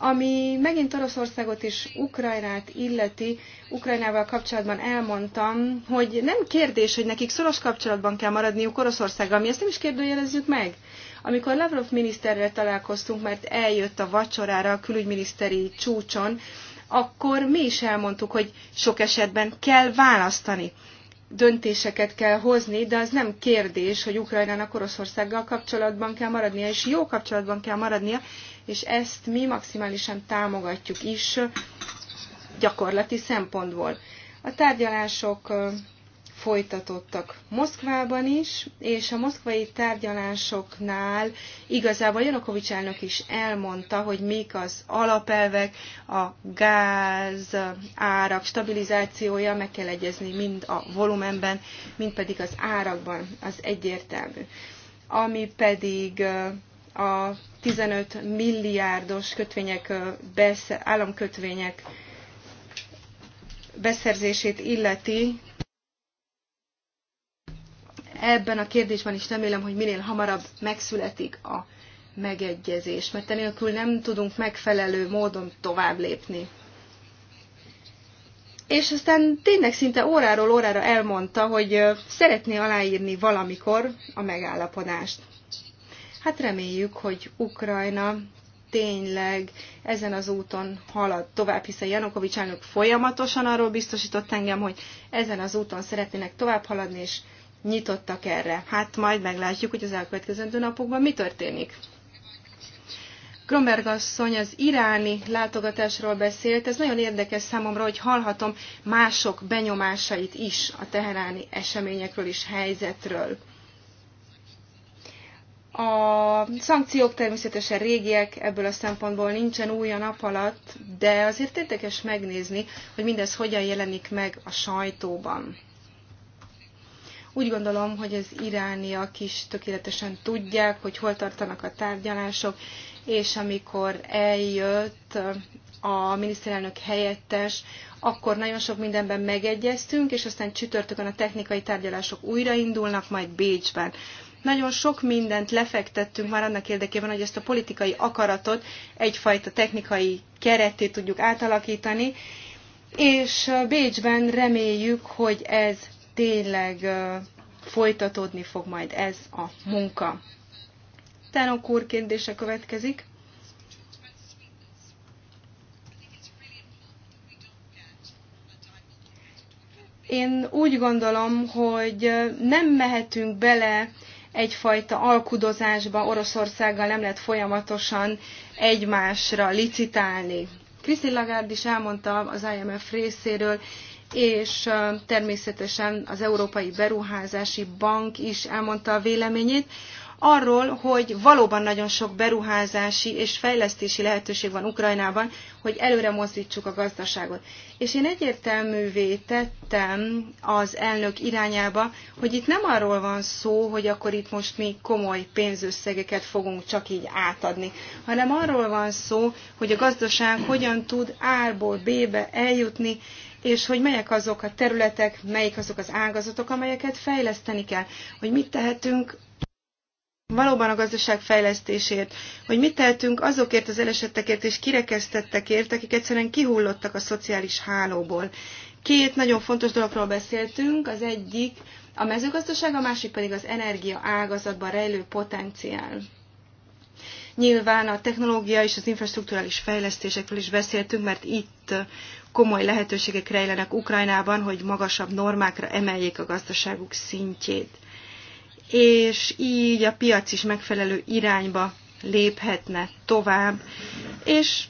Ami megint Oroszországot és Ukrajnát illeti, Ukrajnával kapcsolatban elmondtam, hogy nem kérdés, hogy nekik szoros kapcsolatban kell maradniuk Oroszországgal, mi ezt nem is kérdőjelezzük meg. Amikor Lavrov miniszterrel találkoztunk, mert eljött a vacsorára a külügyminiszteri csúcson, akkor mi is elmondtuk, hogy sok esetben kell választani döntéseket kell hozni, de az nem kérdés, hogy Ukrajnának Oroszországgal kapcsolatban kell maradnia, és jó kapcsolatban kell maradnia, és ezt mi maximálisan támogatjuk is gyakorlati szempontból. A tárgyalások folytatottak Moszkvában is, és a moszkvai tárgyalásoknál igazából Janukovics elnök is elmondta, hogy mik az alapelvek, a gáz, árak stabilizációja, meg kell egyezni mind a volumenben, mind pedig az árakban, az egyértelmű. Ami pedig a 15 milliárdos kötvények, államkötvények beszerzését illeti, ebben a kérdésben is remélem, hogy minél hamarabb megszületik a megegyezés, mert enélkül nem tudunk megfelelő módon tovább lépni. És aztán tényleg szinte óráról órára elmondta, hogy szeretné aláírni valamikor a megállapodást. Hát reméljük, hogy Ukrajna tényleg ezen az úton halad tovább, hiszen Janukovics elnök folyamatosan arról biztosított engem, hogy ezen az úton szeretnének tovább haladni, és nyitottak erre. Hát majd meglátjuk, hogy az elkövetkező napokban mi történik. Kromberg asszony az iráni látogatásról beszélt. Ez nagyon érdekes számomra, hogy hallhatom mások benyomásait is a teheráni eseményekről és helyzetről. A szankciók természetesen régiek, ebből a szempontból nincsen új a nap alatt, de azért érdekes megnézni, hogy mindez hogyan jelenik meg a sajtóban. Úgy gondolom, hogy az irániak is tökéletesen tudják, hogy hol tartanak a tárgyalások, és amikor eljött a miniszterelnök helyettes, akkor nagyon sok mindenben megegyeztünk, és aztán csütörtökön a technikai tárgyalások újraindulnak, majd Bécsben. Nagyon sok mindent lefektettünk már annak érdekében, hogy ezt a politikai akaratot egyfajta technikai keretté tudjuk átalakítani, és Bécsben reméljük, hogy ez tényleg folytatódni fog majd ez a munka. Tánok úr kérdése következik. Én úgy gondolom, hogy nem mehetünk bele egyfajta alkudozásba Oroszországgal nem lehet folyamatosan egymásra licitálni. Christine Lagarde is elmondta az IMF részéről, és természetesen az Európai Beruházási Bank is elmondta a véleményét arról, hogy valóban nagyon sok beruházási és fejlesztési lehetőség van Ukrajnában, hogy előre mozdítsuk a gazdaságot. És én egyértelművé tettem az elnök irányába, hogy itt nem arról van szó, hogy akkor itt most mi komoly pénzösszegeket fogunk csak így átadni, hanem arról van szó, hogy a gazdaság hogyan tud A-ból B-be eljutni, és hogy melyek azok a területek, melyik azok az ágazatok, amelyeket fejleszteni kell, hogy mit tehetünk valóban a gazdaság fejlesztésért, hogy mit tehetünk azokért az elesettekért és kirekesztettekért, akik egyszerűen kihullottak a szociális hálóból. Két nagyon fontos dologról beszéltünk, az egyik a mezőgazdaság, a másik pedig az energia ágazatban rejlő potenciál. Nyilván a technológia és az infrastruktúrális fejlesztésekről is beszéltünk, mert itt komoly lehetőségek rejlenek Ukrajnában, hogy magasabb normákra emeljék a gazdaságuk szintjét és így a piac is megfelelő irányba léphetne tovább, és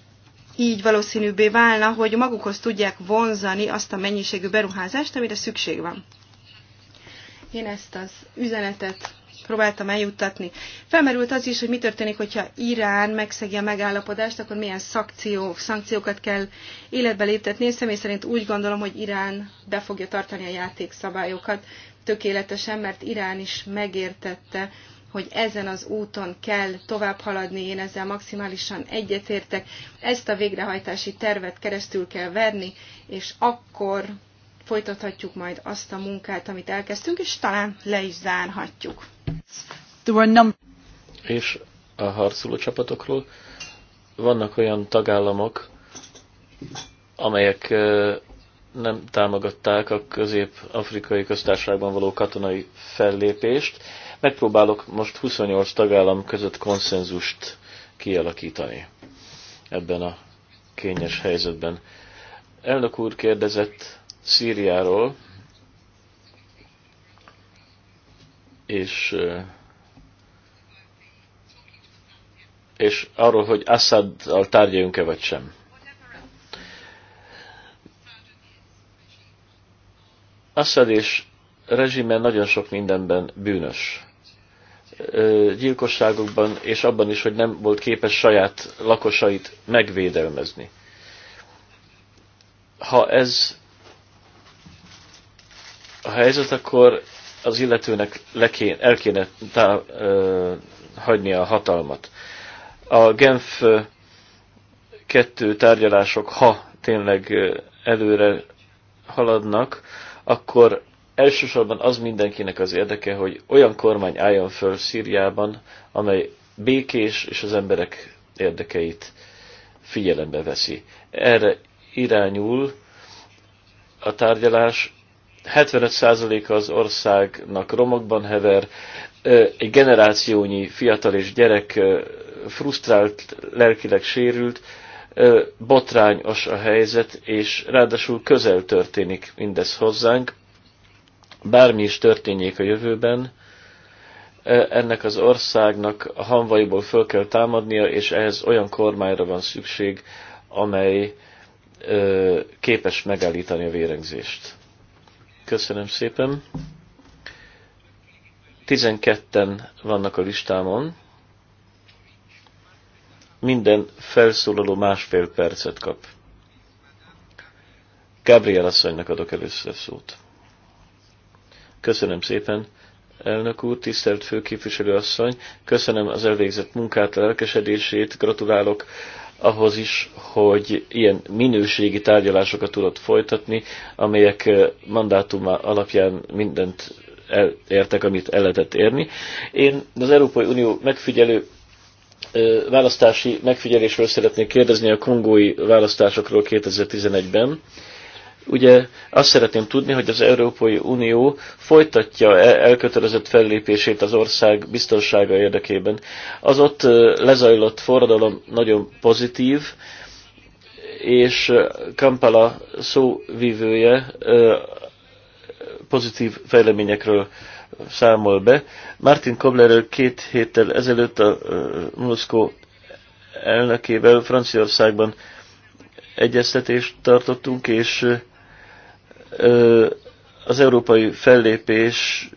így valószínűbbé válna, hogy magukhoz tudják vonzani azt a mennyiségű beruházást, amire szükség van. Én ezt az üzenetet próbáltam eljuttatni. Felmerült az is, hogy mi történik, hogyha Irán megszegi a megállapodást, akkor milyen szakció, szankciókat kell életbe léptetni. Én személy szerint úgy gondolom, hogy Irán be fogja tartani a játékszabályokat tökéletesen, mert Irán is megértette, hogy ezen az úton kell tovább haladni, én ezzel maximálisan egyetértek, ezt a végrehajtási tervet keresztül kell verni, és akkor folytathatjuk majd azt a munkát, amit elkezdtünk, és talán le is zárhatjuk. És a harcoló csapatokról vannak olyan tagállamok, amelyek nem támogatták a közép-afrikai köztársaságban való katonai fellépést. Megpróbálok most 28 tagállam között konszenzust kialakítani ebben a kényes helyzetben. Elnök úr kérdezett Szíriáról, és, és arról, hogy Assaddal tárgyaljunk-e vagy sem. Assad és rezsime nagyon sok mindenben bűnös. Gyilkosságokban, és abban is, hogy nem volt képes saját lakosait megvédelmezni. Ha ez a helyzet, akkor az illetőnek le kéne, el kéne tá, ö, hagyni a hatalmat. A Genf kettő tárgyalások, ha tényleg előre haladnak, akkor elsősorban az mindenkinek az érdeke, hogy olyan kormány álljon föl Szíriában, amely békés és az emberek érdekeit figyelembe veszi. Erre irányul a tárgyalás, 75 az országnak romokban hever, egy generációnyi fiatal és gyerek frusztrált, lelkileg sérült, botrányos a helyzet, és ráadásul közel történik mindez hozzánk. Bármi is történjék a jövőben, ennek az országnak a hanvaiból föl kell támadnia, és ehhez olyan kormányra van szükség, amely képes megállítani a vérengzést. Köszönöm szépen. Tizenketten vannak a listámon. Minden felszólaló másfél percet kap. Gabriel asszonynak adok először szót. Köszönöm szépen, elnök úr, tisztelt főképviselő asszony, köszönöm az elvégzett munkát, a lelkesedését, gratulálok ahhoz is, hogy ilyen minőségi tárgyalásokat tudott folytatni, amelyek eh, mandátuma alapján mindent elértek, amit el lehetett érni. Én az Európai Unió megfigyelő eh, választási megfigyelésről szeretnék kérdezni a kongói választásokról 2011-ben. Ugye azt szeretném tudni, hogy az Európai Unió folytatja e- elkötelezett fellépését az ország biztonsága érdekében. Az ott lezajlott forradalom nagyon pozitív, és Kampala szóvívője pozitív fejleményekről számol be. Martin Kobler két héttel ezelőtt a Moszkó elnökével Franciaországban egyeztetést tartottunk, és az európai fellépés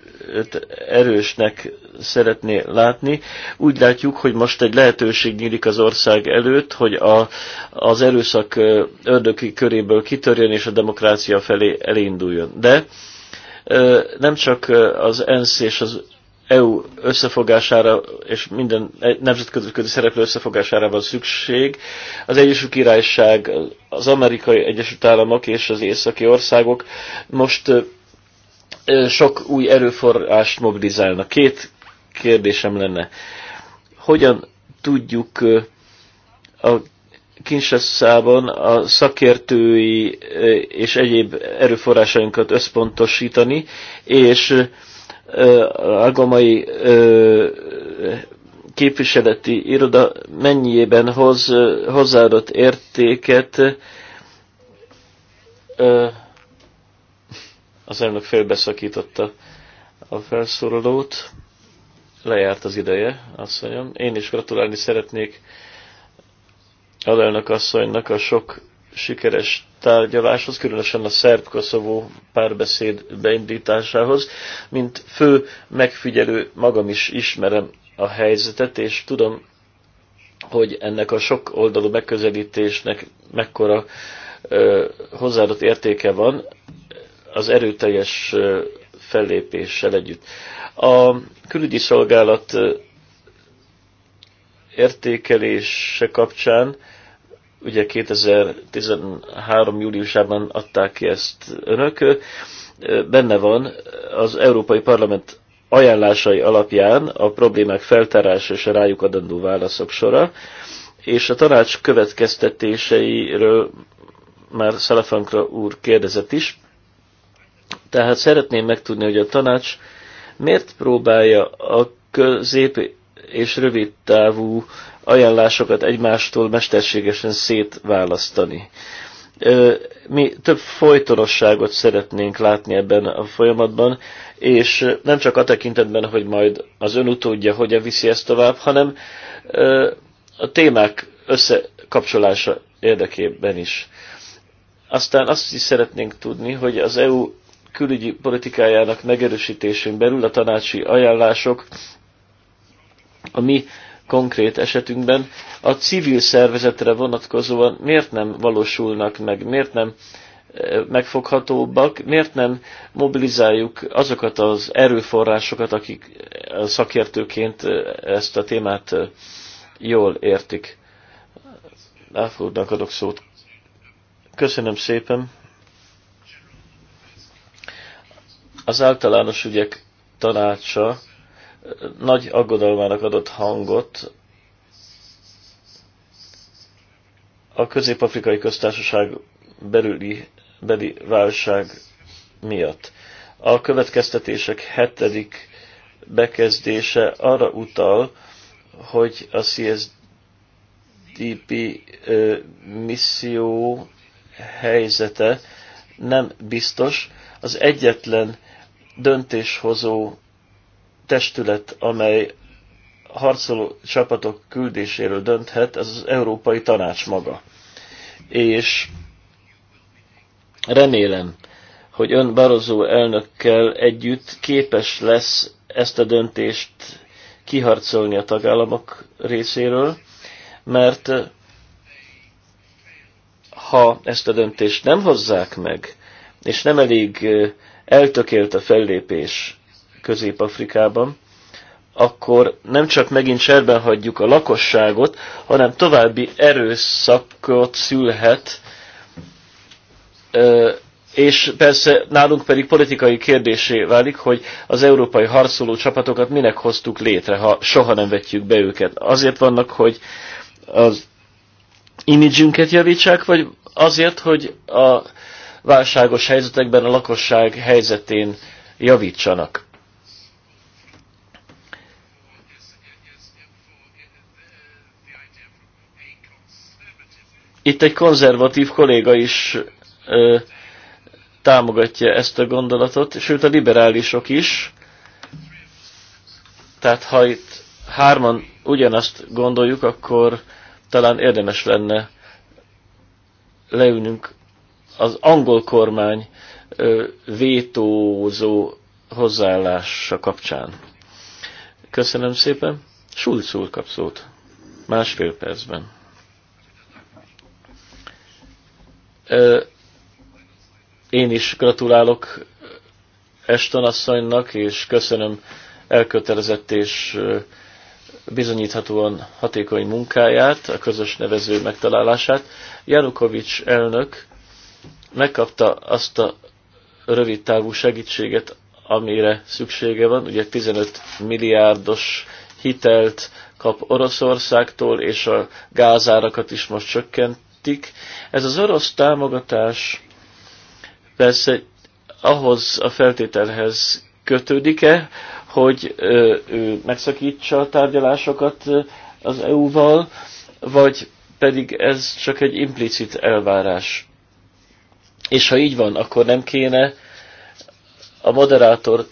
erősnek szeretné látni. Úgy látjuk, hogy most egy lehetőség nyílik az ország előtt, hogy a, az erőszak ördöki köréből kitörjön és a demokrácia felé elinduljon. De nem csak az ENSZ és az EU összefogására és minden nemzetközi szereplő összefogására van szükség. Az Egyesült Királyság, az Amerikai Egyesült Államok és az északi országok most sok új erőforrást mobilizálnak. Két kérdésem lenne. Hogyan tudjuk a Kinshasa-ban a szakértői és egyéb erőforrásainkat összpontosítani, és agomai képviseleti iroda mennyiében hoz hozzáadott értéket az elnök félbeszakította a felszólalót. Lejárt az ideje, asszonyom. Én is gratulálni szeretnék elnök asszonynak a sok sikeres tárgyaláshoz, különösen a szerb-koszovó párbeszéd beindításához. Mint fő megfigyelő magam is ismerem a helyzetet, és tudom, hogy ennek a sok oldalú megközelítésnek mekkora ö, hozzáadott értéke van az erőteljes ö, fellépéssel együtt. A külügyi szolgálat értékelése kapcsán ö, ugye 2013. júliusában adták ki ezt önök, benne van az Európai Parlament ajánlásai alapján a problémák feltárása és a rájuk adandó válaszok sora, és a tanács következtetéseiről már Szalafankra úr kérdezett is. Tehát szeretném megtudni, hogy a tanács miért próbálja a közép és rövid távú ajánlásokat egymástól mesterségesen szétválasztani. Mi több folytonosságot szeretnénk látni ebben a folyamatban, és nem csak a tekintetben, hogy majd az ön utódja hogyan viszi ezt tovább, hanem a témák összekapcsolása érdekében is. Aztán azt is szeretnénk tudni, hogy az EU külügyi politikájának megerősítésén belül a tanácsi ajánlások a mi konkrét esetünkben a civil szervezetre vonatkozóan miért nem valósulnak meg, miért nem eh, megfoghatóbbak, miért nem mobilizáljuk azokat az erőforrásokat, akik szakértőként eh, ezt a témát eh, jól értik. Áfúrnak adok szót. Köszönöm szépen. Az általános ügyek tanácsa nagy aggodalmának adott hangot a közép-afrikai köztársaság belüli beli válság miatt. A következtetések hetedik bekezdése arra utal, hogy a CSDP misszió helyzete nem biztos. Az egyetlen döntéshozó testület, amely harcoló csapatok küldéséről dönthet, az az Európai Tanács maga. És remélem, hogy ön Barozó elnökkel együtt képes lesz ezt a döntést kiharcolni a tagállamok részéről, mert ha ezt a döntést nem hozzák meg, és nem elég eltökélt a fellépés Közép-Afrikában, akkor nem csak megint serben hagyjuk a lakosságot, hanem további erőszakot szülhet, és persze nálunk pedig politikai kérdésé válik, hogy az európai harcoló csapatokat minek hoztuk létre, ha soha nem vetjük be őket. Azért vannak, hogy az imidzsünket javítsák, vagy azért, hogy a válságos helyzetekben a lakosság helyzetén javítsanak. Itt egy konzervatív kolléga is ö, támogatja ezt a gondolatot, sőt a liberálisok is. Tehát ha itt hárman ugyanazt gondoljuk, akkor talán érdemes lenne leülnünk az angol kormány vétózó hozzáállása kapcsán. Köszönöm szépen. Schulz úr kap szót. Másfél percben. Én is gratulálok Eston asszonynak, és köszönöm elkötelezett és bizonyíthatóan hatékony munkáját, a közös nevező megtalálását. Janukovics elnök megkapta azt a rövid távú segítséget, amire szüksége van. Ugye 15 milliárdos hitelt kap Oroszországtól, és a gázárakat is most csökkent tettik. Ez az orosz támogatás persze ahhoz a feltételhez kötődik-e, hogy ő megszakítsa a tárgyalásokat az EU-val, vagy pedig ez csak egy implicit elvárás. És ha így van, akkor nem kéne a moderátor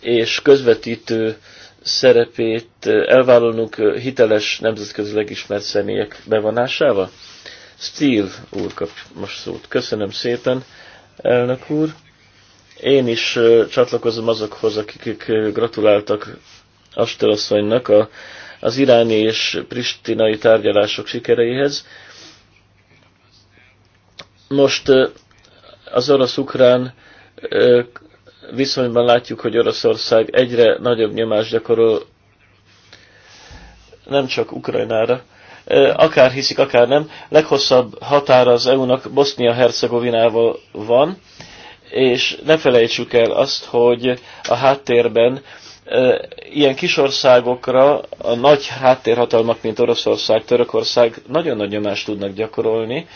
és közvetítő szerepét elvállalnunk hiteles, nemzetközileg ismert személyek bevonásával? Steele úr kap most szót. Köszönöm szépen, elnök úr. Én is csatlakozom azokhoz, akik gratuláltak Astelasszonynak a, az iráni és pristinai tárgyalások sikereihez. Most az orosz-ukrán viszonyban látjuk, hogy Oroszország egyre nagyobb nyomást gyakorol nem csak Ukrajnára, akár hiszik, akár nem, leghosszabb határa az EU-nak Bosznia-Hercegovinával van, és ne felejtsük el azt, hogy a háttérben ilyen kis országokra a nagy háttérhatalmak, mint Oroszország, Törökország nagyon nagy nyomást tudnak gyakorolni,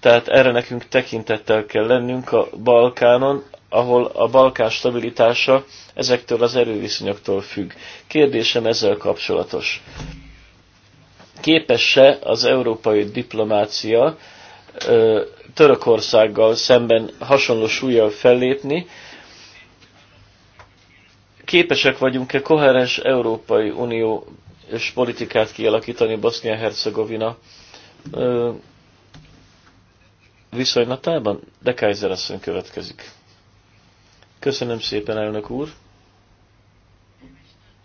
tehát erre nekünk tekintettel kell lennünk a Balkánon, ahol a Balkán stabilitása ezektől az erőviszonyoktól függ. Kérdésem ezzel kapcsolatos. Képes-e az európai diplomácia Törökországgal szemben hasonló súlyjal fellépni? Képesek vagyunk-e koherens Európai Unió és politikát kialakítani Bosznia-Hercegovina viszonylatában? De Kaiser asszony következik. Köszönöm szépen, elnök úr.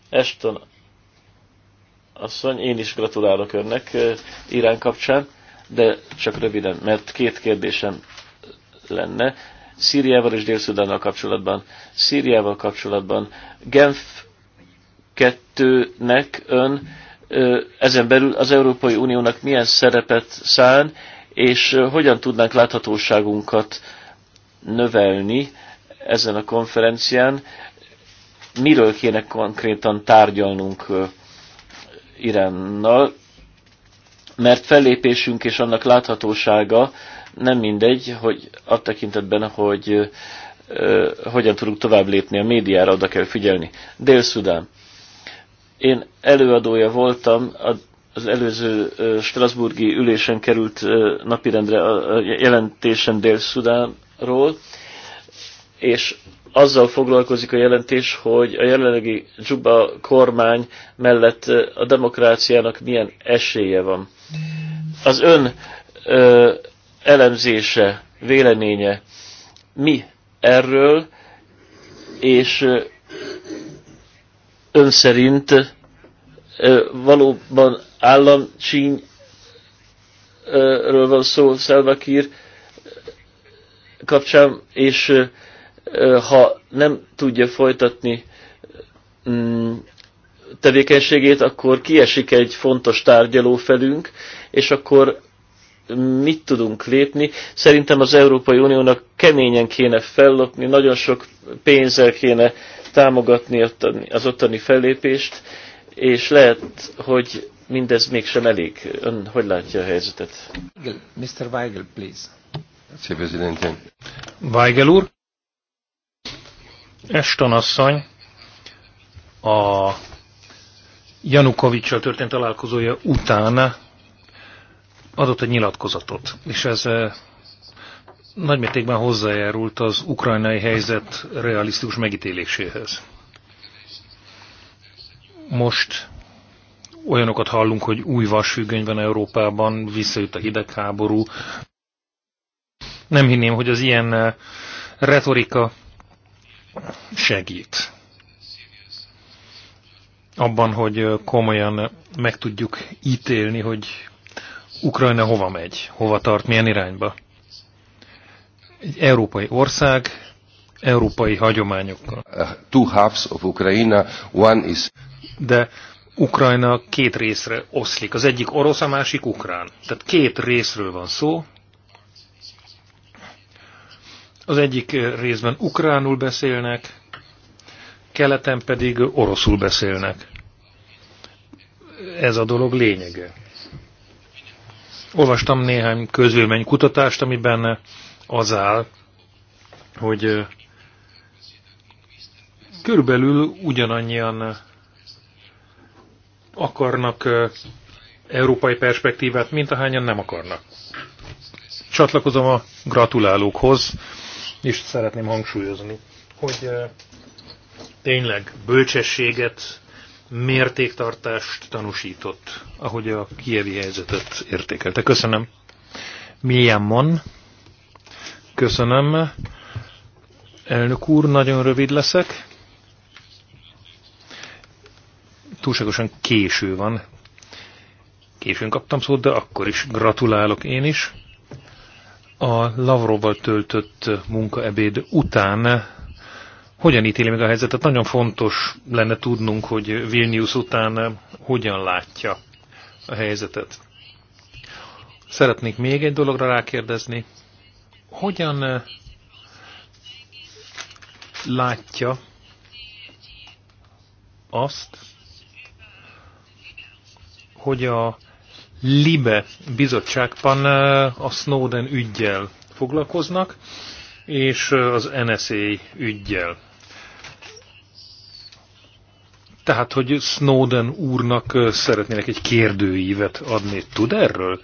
Eston asszony, én is gratulálok önnek Irán kapcsán, de csak röviden, mert két kérdésem lenne. Szíriával és Dél-Szudánnal kapcsolatban. Szíriával kapcsolatban Genf 2-nek ön ezen belül az Európai Uniónak milyen szerepet szán, és hogyan tudnánk láthatóságunkat növelni ezen a konferencián. Miről kéne konkrétan tárgyalnunk Iránnal, mert fellépésünk és annak láthatósága nem mindegy, hogy a tekintetben, hogy hogyan tudunk tovább lépni a médiára, oda kell figyelni. Dél-Szudán. Én előadója voltam a az előző Strasburgi ülésen került napirendre a jelentésem Dél-Szudánról, és azzal foglalkozik a jelentés, hogy a jelenlegi Zsuba kormány mellett a demokráciának milyen esélye van. Az ön ö, elemzése, véleménye mi erről, és ön szerint ö, valóban államcsínyről van szó Szelvakír kapcsán, és ö, ha nem tudja folytatni mm, tevékenységét, akkor kiesik egy fontos tárgyaló felünk, és akkor mit tudunk lépni. Szerintem az Európai Uniónak keményen kéne fellopni, nagyon sok pénzzel kéne támogatni az ottani fellépést, és lehet, hogy mindez mégsem elég. Ön hogy látja a helyzetet? Mr. Weigel, please. Weigel úr. Eston asszony a Janukovicsal történt találkozója után adott egy nyilatkozatot, és ez eh, nagymértékben hozzájárult az ukrajnai helyzet realisztikus megítéléséhez. Most olyanokat hallunk, hogy új vasfüggöny van Európában, visszajött a hidegháború. Nem hinném, hogy az ilyen eh, retorika segít abban, hogy komolyan meg tudjuk ítélni, hogy Ukrajna hova megy, hova tart, milyen irányba. Egy európai ország, európai hagyományokkal. Two halves of Ukraine, one is... De Ukrajna két részre oszlik. Az egyik orosz, a másik ukrán. Tehát két részről van szó, az egyik részben ukránul beszélnek, keleten pedig oroszul beszélnek. Ez a dolog lényege. Olvastam néhány kutatást, amiben az áll, hogy körülbelül ugyanannyian akarnak európai perspektívát, mint ahányan nem akarnak. Csatlakozom a gratulálókhoz, is szeretném hangsúlyozni, hogy tényleg bölcsességet, mértéktartást tanúsított, ahogy a kievi helyzetet értékelte. Köszönöm. Milyen mon? Köszönöm. Elnök úr, nagyon rövid leszek. Túlságosan késő van. Későn kaptam szót, de akkor is gratulálok én is a Lavrovval töltött munkaebéd után hogyan ítéli meg a helyzetet? Nagyon fontos lenne tudnunk, hogy Vilnius után hogyan látja a helyzetet. Szeretnék még egy dologra rákérdezni. Hogyan eh, látja azt, hogy a Libe bizottságban eh, a Snowden ügyjel foglalkoznak, és eh, az NSA ügyjel. Tehát, hogy Snowden úrnak eh, szeretnének egy kérdőívet adni. Tud erről?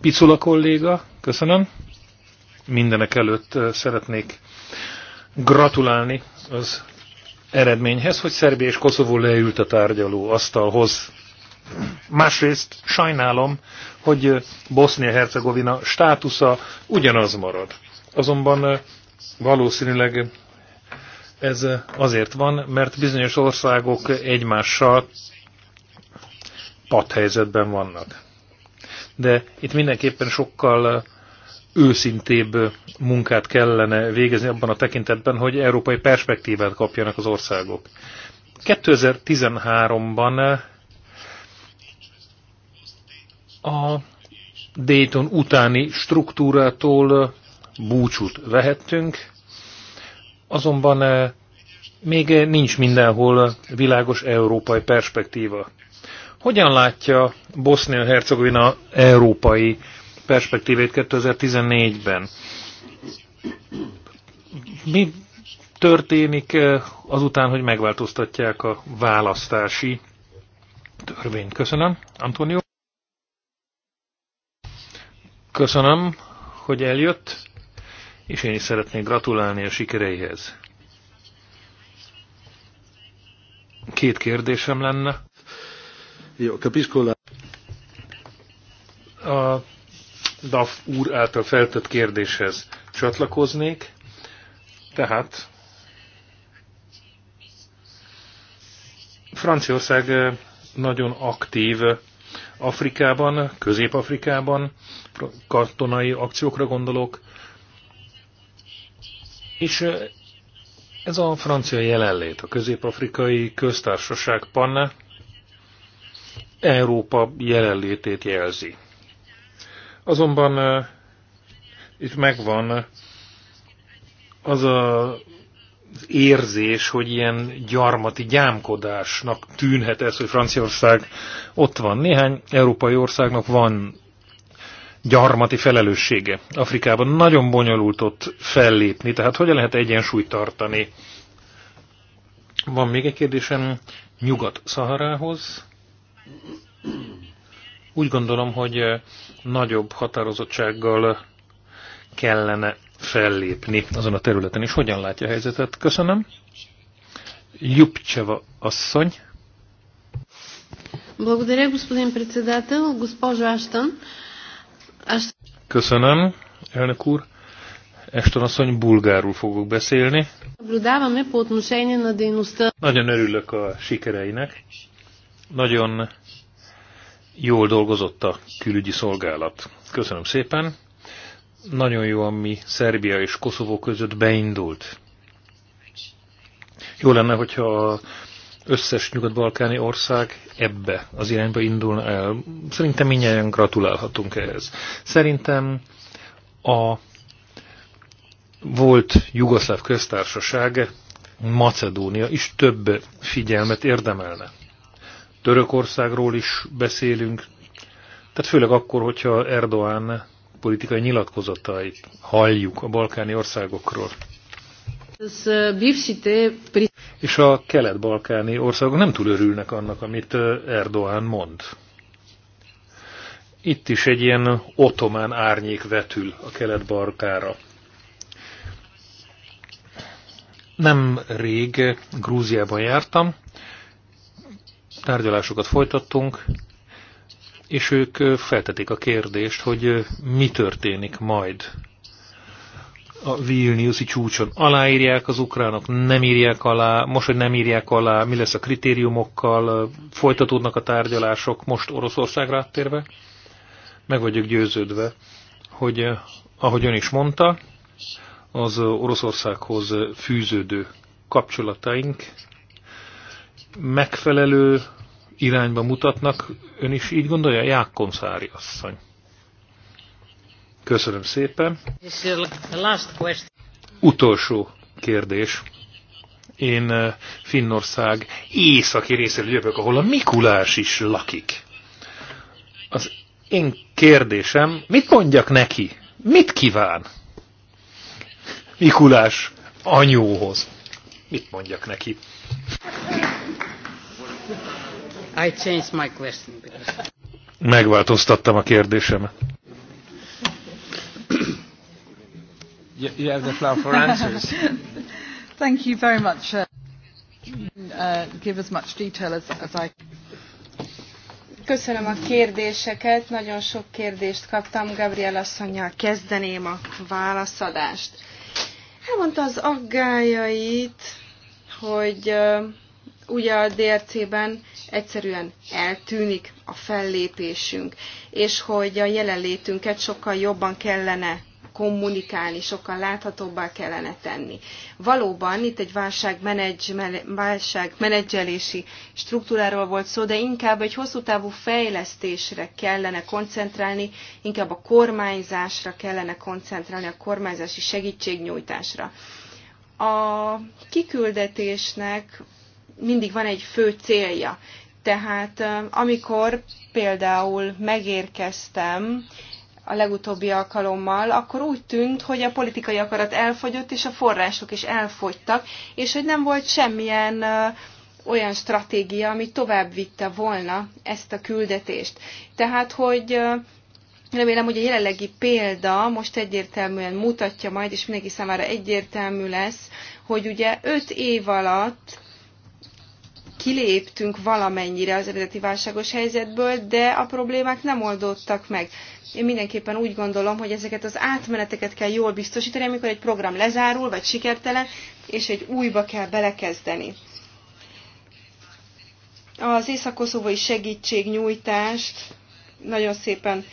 Picula kolléga, köszönöm. Mindenek előtt szeretnék gratulálni az eredményhez, hogy Szerbia és Koszovó leült a tárgyaló asztalhoz. Másrészt sajnálom, hogy Bosznia-Hercegovina státusza ugyanaz marad. Azonban valószínűleg ez azért van, mert bizonyos országok egymással padhelyzetben vannak. De itt mindenképpen sokkal őszintébb munkát kellene végezni abban a tekintetben, hogy európai perspektívát kapjanak az országok. 2013-ban a Dayton utáni struktúrától búcsút vehettünk, azonban eh, még nincs mindenhol világos európai perspektíva. Hogyan látja Bosznia-Hercegovina európai perspektívét 2014-ben? Mi történik eh, azután, hogy megváltoztatják a választási törvényt? Köszönöm, Antonio. Köszönöm, hogy eljött, és én is szeretnék gratulálni a sikereihez. Két kérdésem lenne. Jó, kapiskola. A DAF úr által feltett kérdéshez csatlakoznék, tehát Franciaország eh, nagyon aktív Afrikában, Közép-Afrikában, katonai akciókra gondolok, és eh, ez a francia jelenlét a közép-afrikai Köztársaság panne Európa jelenlétét jelzi. Azonban eh, itt megvan az a érzés, hogy ilyen gyarmati gyámkodásnak tűnhet ez, hogy Franciaország ott van. Néhány európai országnak van gyarmati felelőssége. Afrikában nagyon bonyolult ott fellépni, tehát hogyan lehet egyensúlyt tartani? Van még egy kérdésem Nyugat-Szaharához. Úgy gondolom, hogy nagyobb határozottsággal kellene fellépni azon a területen, is. hogyan látja a helyzetet. Köszönöm. Jupcseva asszony. Köszönöm, elnök úr. Eston asszony, bulgárul fogok beszélni. Nagyon örülök a sikereinek. Nagyon jól dolgozott a külügyi szolgálat. Köszönöm szépen nagyon jó, ami Szerbia és Koszovó között beindult. Jó lenne, hogyha a összes nyugat-balkáni ország ebbe az irányba indulna el. Szerintem mindjárt gratulálhatunk ehhez. Szerintem a volt Jugoszláv köztársaság Macedónia is több figyelmet érdemelne. Törökországról is beszélünk, tehát főleg akkor, hogyha Erdoğan politikai nyilatkozatait halljuk a balkáni országokról. És a kelet-balkáni országok nem túl örülnek annak, amit Erdoğan mond. Itt is egy ilyen otomán árnyék vetül a kelet-balkára. Nem rég Grúziában jártam, tárgyalásokat folytattunk, és ők feltetik a kérdést, hogy mi történik majd a Vilniuszi csúcson. Aláírják az ukránok, nem írják alá, most, hogy nem írják alá, mi lesz a kritériumokkal, folytatódnak a tárgyalások most Oroszországra áttérve. Meg vagyok győződve, hogy ahogy ön is mondta, az Oroszországhoz fűződő kapcsolataink megfelelő irányba mutatnak. Ön is így gondolja? Jákon asszony. Köszönöm szépen. Utolsó kérdés. Én eh, Finnország északi részéről jövök, ahol a Mikulás is lakik. Az én kérdésem, mit mondjak neki? Mit kíván? Mikulás anyóhoz. Mit mondjak neki? I changed my question. Megváltoztattam a kérdésemet. You have the floor for answers. Thank you very much. Uh, uh, give as much detail as, as I. Köszönöm a kérdéseket, nagyon sok kérdést kaptam. Gabriel asszonyjal kezdeném a válaszadást. Elmondta az aggájait, hogy uh, ugye a DRC-ben egyszerűen eltűnik a fellépésünk, és hogy a jelenlétünket sokkal jobban kellene kommunikálni, sokkal láthatóbbá kellene tenni. Valóban itt egy válságmenedzselési struktúráról volt szó, de inkább egy hosszú távú fejlesztésre kellene koncentrálni, inkább a kormányzásra kellene koncentrálni, a kormányzási segítségnyújtásra. A kiküldetésnek mindig van egy fő célja. Tehát amikor például megérkeztem a legutóbbi alkalommal, akkor úgy tűnt, hogy a politikai akarat elfogyott, és a források is elfogytak, és hogy nem volt semmilyen olyan stratégia, ami tovább vitte volna ezt a küldetést. Tehát, hogy remélem, hogy a jelenlegi példa most egyértelműen mutatja majd, és mindenki számára egyértelmű lesz, hogy ugye öt év alatt kiléptünk valamennyire az eredeti válságos helyzetből, de a problémák nem oldódtak meg. Én mindenképpen úgy gondolom, hogy ezeket az átmeneteket kell jól biztosítani, amikor egy program lezárul, vagy sikertelen, és egy újba kell belekezdeni. Az észak-koszovói segítségnyújtást nagyon szépen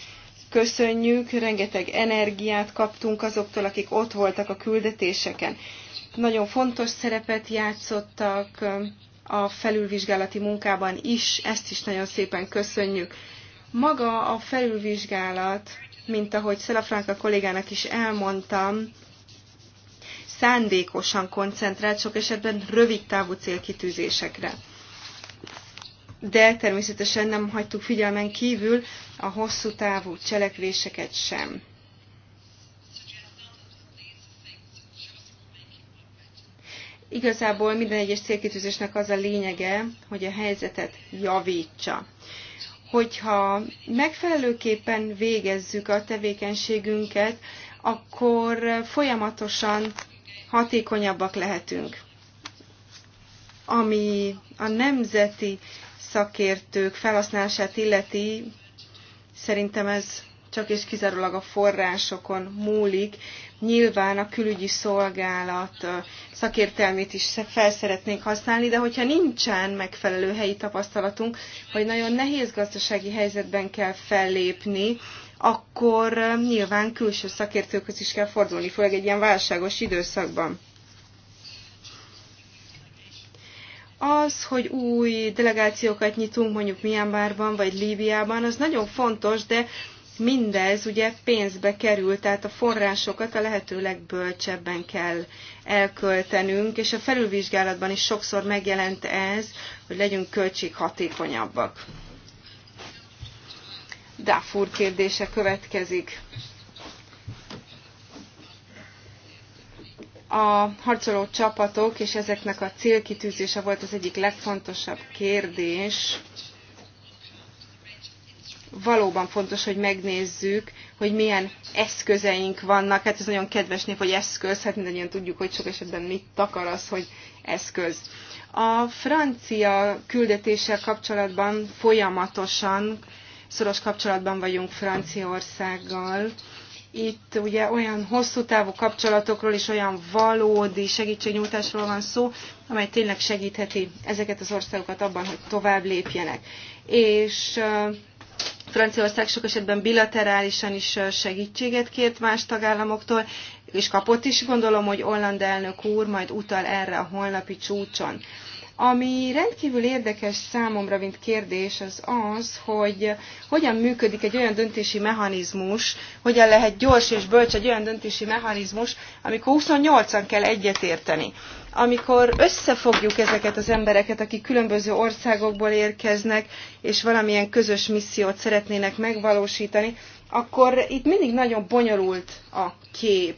köszönjük, rengeteg energiát kaptunk azoktól, akik ott voltak a küldetéseken. Nagyon fontos szerepet játszottak, a felülvizsgálati munkában is, ezt is nagyon szépen köszönjük. Maga a felülvizsgálat, mint ahogy Szelafranka kollégának is elmondtam, szándékosan koncentrált, sok esetben rövid távú célkitűzésekre. De természetesen nem hagytuk figyelmen kívül a hosszú távú cselekvéseket sem. Igazából minden egyes célkitűzésnek az a lényege, hogy a helyzetet javítsa. Hogyha megfelelőképpen végezzük a tevékenységünket, akkor folyamatosan hatékonyabbak lehetünk. Ami a nemzeti szakértők felhasználását illeti, szerintem ez csak és kizárólag a forrásokon múlik, nyilván a külügyi szolgálat szakértelmét is fel szeretnénk használni, de hogyha nincsen megfelelő helyi tapasztalatunk, vagy nagyon nehéz gazdasági helyzetben kell fellépni, akkor nyilván külső szakértőkhöz is kell fordulni, főleg egy ilyen válságos időszakban. az, hogy új delegációkat nyitunk mondjuk Mianbárban vagy Líbiában, az nagyon fontos, de mindez ugye pénzbe kerül, tehát a forrásokat a lehető legbölcsebben kell elköltenünk, és a felülvizsgálatban is sokszor megjelent ez, hogy legyünk költséghatékonyabbak. Dáfúr kérdése következik. A harcoló csapatok és ezeknek a célkitűzése volt az egyik legfontosabb kérdés valóban fontos, hogy megnézzük, hogy milyen eszközeink vannak. Hát ez nagyon kedves név, hogy eszköz, hát mindannyian tudjuk, hogy sok esetben mit takar az, hogy eszköz. A francia küldetéssel kapcsolatban folyamatosan szoros kapcsolatban vagyunk Franciaországgal. Itt ugye olyan hosszú távú kapcsolatokról és olyan valódi segítségnyújtásról van szó, amely tényleg segítheti ezeket az országokat abban, hogy tovább lépjenek. És Franciaország sok esetben bilaterálisan is segítséget kért más tagállamoktól, és kapott is, gondolom, hogy Holland elnök úr majd utal erre a holnapi csúcson. Ami rendkívül érdekes számomra, mint kérdés, az az, hogy hogyan működik egy olyan döntési mechanizmus, hogyan lehet gyors és bölcs egy olyan döntési mechanizmus, amikor 28-an kell egyetérteni. Amikor összefogjuk ezeket az embereket, akik különböző országokból érkeznek, és valamilyen közös missziót szeretnének megvalósítani, akkor itt mindig nagyon bonyolult a kép.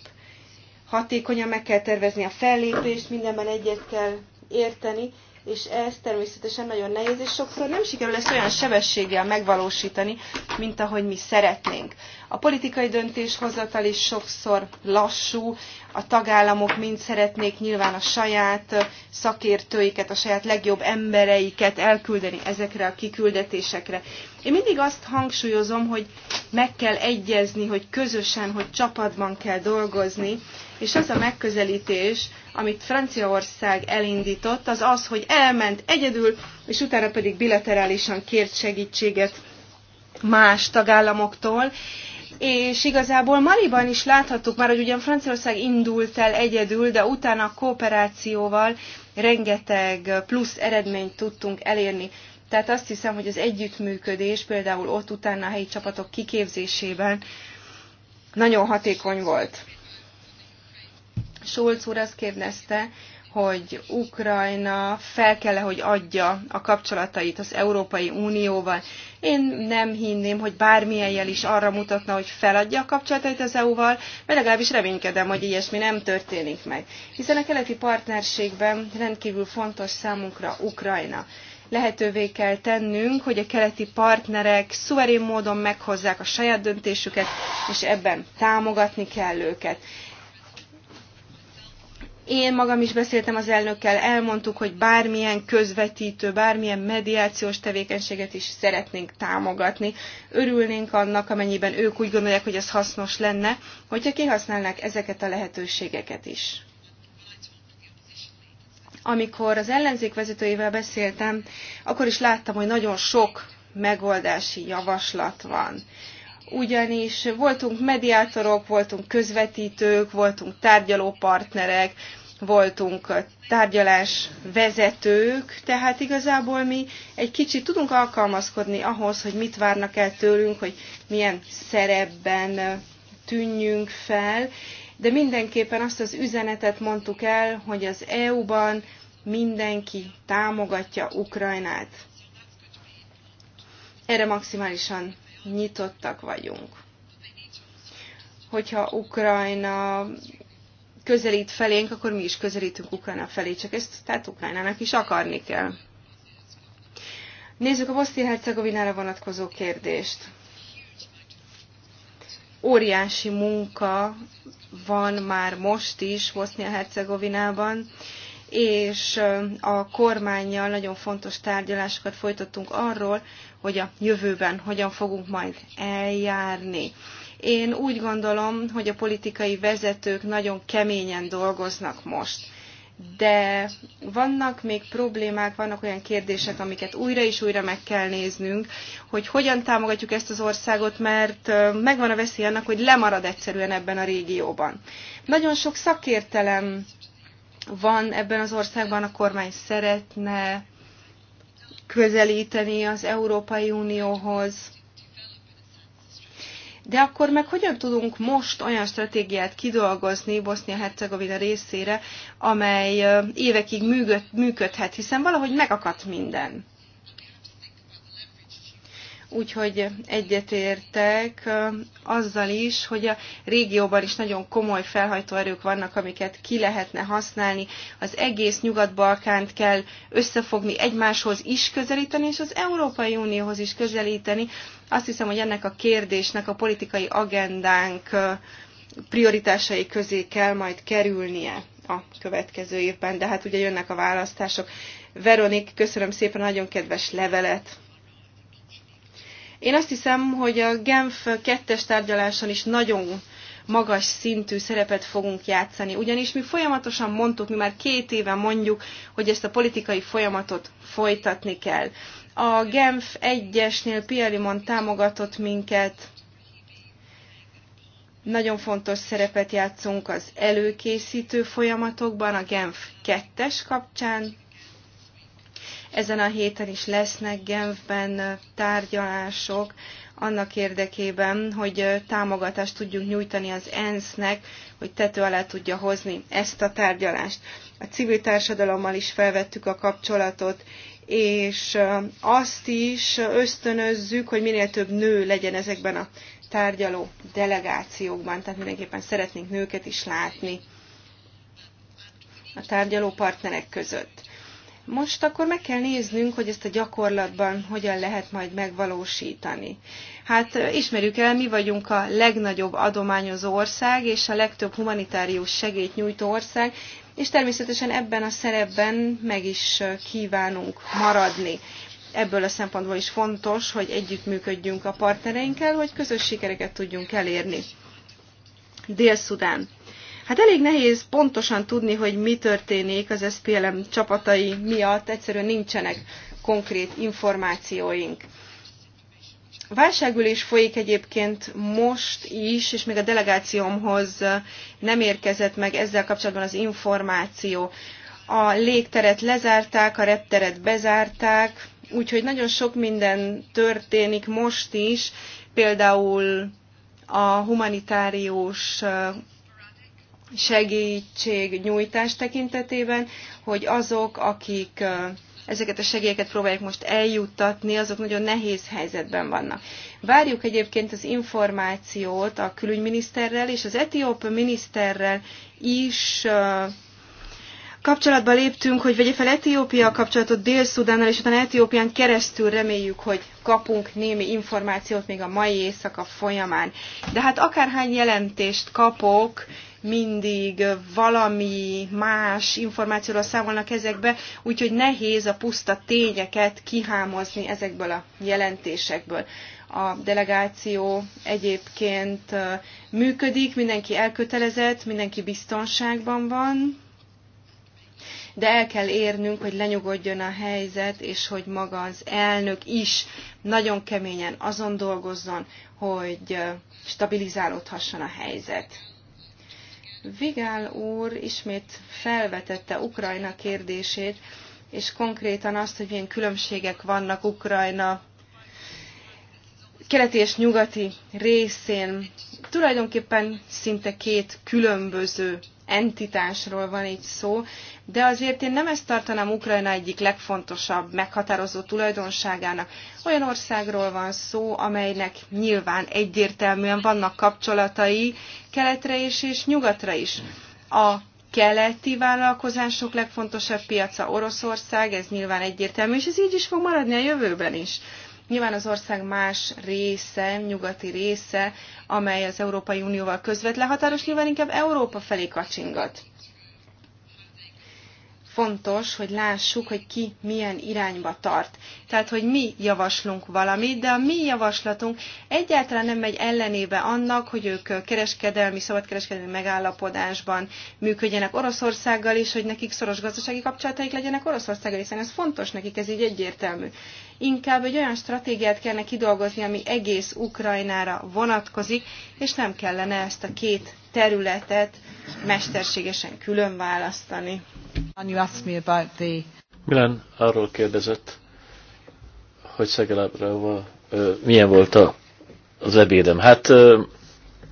Hatékonyan meg kell tervezni a fellépést, mindenben egyet kell érteni, és ez természetesen nagyon nehéz, és sokszor nem sikerül ezt olyan sebességgel megvalósítani, mint ahogy mi szeretnénk. A politikai döntéshozatal is sokszor lassú, a tagállamok mind szeretnék nyilván a saját szakértőiket, a saját legjobb embereiket elküldeni ezekre a kiküldetésekre. Én mindig azt hangsúlyozom, hogy meg kell egyezni, hogy közösen, hogy csapatban kell dolgozni, és az a megközelítés, amit Franciaország elindított, az az, hogy elment egyedül, és utána pedig bilaterálisan kért segítséget más tagállamoktól, és igazából Maliban is láthattuk már, hogy ugyan Franciaország indult el egyedül, de utána a kooperációval rengeteg plusz eredményt tudtunk elérni. Tehát azt hiszem, hogy az együttműködés például ott utána a helyi csapatok kiképzésében nagyon hatékony volt. Solc úr azt kérdezte, hogy Ukrajna fel kell -e, hogy adja a kapcsolatait az Európai Unióval. Én nem hinném, hogy bármilyen jel is arra mutatna, hogy feladja a kapcsolatait az EU-val, mert legalábbis reménykedem, hogy ilyesmi nem történik meg. Hiszen a keleti partnerségben rendkívül fontos számunkra Ukrajna lehetővé kell tennünk, hogy a keleti partnerek szuverén módon meghozzák a saját döntésüket, és ebben támogatni kell őket. Én magam is beszéltem az elnökkel, elmondtuk, hogy bármilyen közvetítő, bármilyen mediációs tevékenységet is szeretnénk támogatni. Örülnénk annak, amennyiben ők úgy gondolják, hogy ez hasznos lenne, hogyha kihasználnák ezeket a lehetőségeket is amikor az ellenzék vezetőivel beszéltem, akkor is láttam, hogy nagyon sok megoldási javaslat van ugyanis voltunk mediátorok, voltunk közvetítők, voltunk tárgyalópartnerek, voltunk tárgyalás vezetők, tehát igazából mi egy kicsit tudunk alkalmazkodni ahhoz, hogy mit várnak el tőlünk, hogy milyen szerepben tűnjünk fel, de mindenképpen azt az üzenetet mondtuk el, hogy az EU-ban mindenki támogatja Ukrajnát. Erre maximálisan nyitottak vagyunk. Hogyha Ukrajna közelít felénk, akkor mi is közelítünk Ukrajna felé, csak ezt tehát Ukrajnának is akarni kell. Nézzük a Bosznia-Hercegovinára vonatkozó kérdést. Óriási munka van már most is Bosznia-Hercegovinában és a kormányjal nagyon fontos tárgyalásokat folytattunk arról, hogy a jövőben hogyan fogunk majd eljárni. Én úgy gondolom, hogy a politikai vezetők nagyon keményen dolgoznak most. De vannak még problémák, vannak olyan kérdések, amiket újra és újra meg kell néznünk, hogy hogyan támogatjuk ezt az országot, mert megvan a veszély annak, hogy lemarad egyszerűen ebben a régióban. Nagyon sok szakértelem van ebben az országban, a kormány szeretne közelíteni az Európai Unióhoz. De akkor meg hogyan tudunk most olyan stratégiát kidolgozni Bosznia-Hercegovina részére, amely évekig működhet, hiszen valahogy megakadt minden úgyhogy egyetértek azzal is, hogy a régióban is nagyon komoly felhajtóerők vannak, amiket ki lehetne használni. Az egész Nyugat-Balkánt kell összefogni, egymáshoz is közelíteni, és az Európai Unióhoz is közelíteni. Azt hiszem, hogy ennek a kérdésnek a politikai agendánk prioritásai közé kell majd kerülnie a következő évben, de hát ugye jönnek a választások. Veronik, köszönöm szépen a nagyon kedves levelet. Én azt hiszem, hogy a Genf kettes tárgyaláson is nagyon magas szintű szerepet fogunk játszani. Ugyanis mi folyamatosan mondtuk, mi már két éve mondjuk, hogy ezt a politikai folyamatot folytatni kell. A Genf 1-esnél Pialimon támogatott minket, nagyon fontos szerepet játszunk az előkészítő folyamatokban, a Genf 2-es kapcsán, ezen a héten is lesznek Genfben tárgyalások annak érdekében, hogy támogatást tudjunk nyújtani az ENSZ-nek, hogy tető alá tudja hozni ezt a tárgyalást. A civil társadalommal is felvettük a kapcsolatot, és azt is ösztönözzük, hogy minél több nő legyen ezekben a tárgyaló delegációkban, tehát mindenképpen szeretnénk nőket is látni a tárgyaló partnerek között. Most akkor meg kell néznünk, hogy ezt a gyakorlatban hogyan lehet majd megvalósítani. Hát ismerjük el, mi vagyunk a legnagyobb adományozó ország, és a legtöbb humanitárius segélyt nyújtó ország, és természetesen ebben a szerepben meg is kívánunk maradni. Ebből a szempontból is fontos, hogy együttműködjünk a partnereinkkel, hogy közös sikereket tudjunk elérni. Dél-Szudán. Hát elég nehéz pontosan tudni, hogy mi történik az SPLM csapatai miatt, egyszerűen nincsenek konkrét információink. Válságülés folyik egyébként most is, és még a delegációmhoz nem érkezett meg ezzel kapcsolatban az információ. A légteret lezárták, a repteret bezárták, úgyhogy nagyon sok minden történik most is, például a humanitárius segítségnyújtás tekintetében, hogy azok, akik ezeket a segélyeket próbálják most eljuttatni, azok nagyon nehéz helyzetben vannak. Várjuk egyébként az információt a külügyminiszterrel és az etióp miniszterrel is kapcsolatba léptünk, hogy vegye fel Etiópia kapcsolatot Dél-Szudánnal, és utána Etiópián keresztül reméljük, hogy kapunk némi információt még a mai éjszaka folyamán. De hát akárhány jelentést kapok, mindig valami más információról számolnak ezekbe, úgyhogy nehéz a puszta tényeket kihámozni ezekből a jelentésekből. A delegáció egyébként működik, mindenki elkötelezett, mindenki biztonságban van, de el kell érnünk, hogy lenyugodjon a helyzet, és hogy maga az elnök is nagyon keményen azon dolgozzon, hogy stabilizálódhasson a helyzet. Vigál úr ismét felvetette Ukrajna kérdését, és konkrétan azt, hogy milyen különbségek vannak Ukrajna keleti és nyugati részén. Tulajdonképpen szinte két különböző entitásról van itt szó, de azért én nem ezt tartanám Ukrajna egyik legfontosabb, meghatározó tulajdonságának. Olyan országról van szó, amelynek nyilván egyértelműen vannak kapcsolatai keletre is és nyugatra is. A keleti vállalkozások legfontosabb piaca Oroszország, ez nyilván egyértelmű, és ez így is fog maradni a jövőben is. Nyilván az ország más része, nyugati része, amely az Európai Unióval közvetlen határos, nyilván inkább Európa felé kacsingat fontos, hogy lássuk, hogy ki milyen irányba tart. Tehát, hogy mi javaslunk valamit, de a mi javaslatunk egyáltalán nem megy ellenébe annak, hogy ők kereskedelmi, szabadkereskedelmi megállapodásban működjenek Oroszországgal, és hogy nekik szoros gazdasági kapcsolataik legyenek Oroszországgal, hiszen ez fontos nekik, ez így egyértelmű. Inkább egy olyan stratégiát kellene kidolgozni, ami egész Ukrajnára vonatkozik, és nem kellene ezt a két területet mesterségesen külön választani. Milán arról kérdezett, hogy Szegelábrával milyen volt a, az ebédem. Hát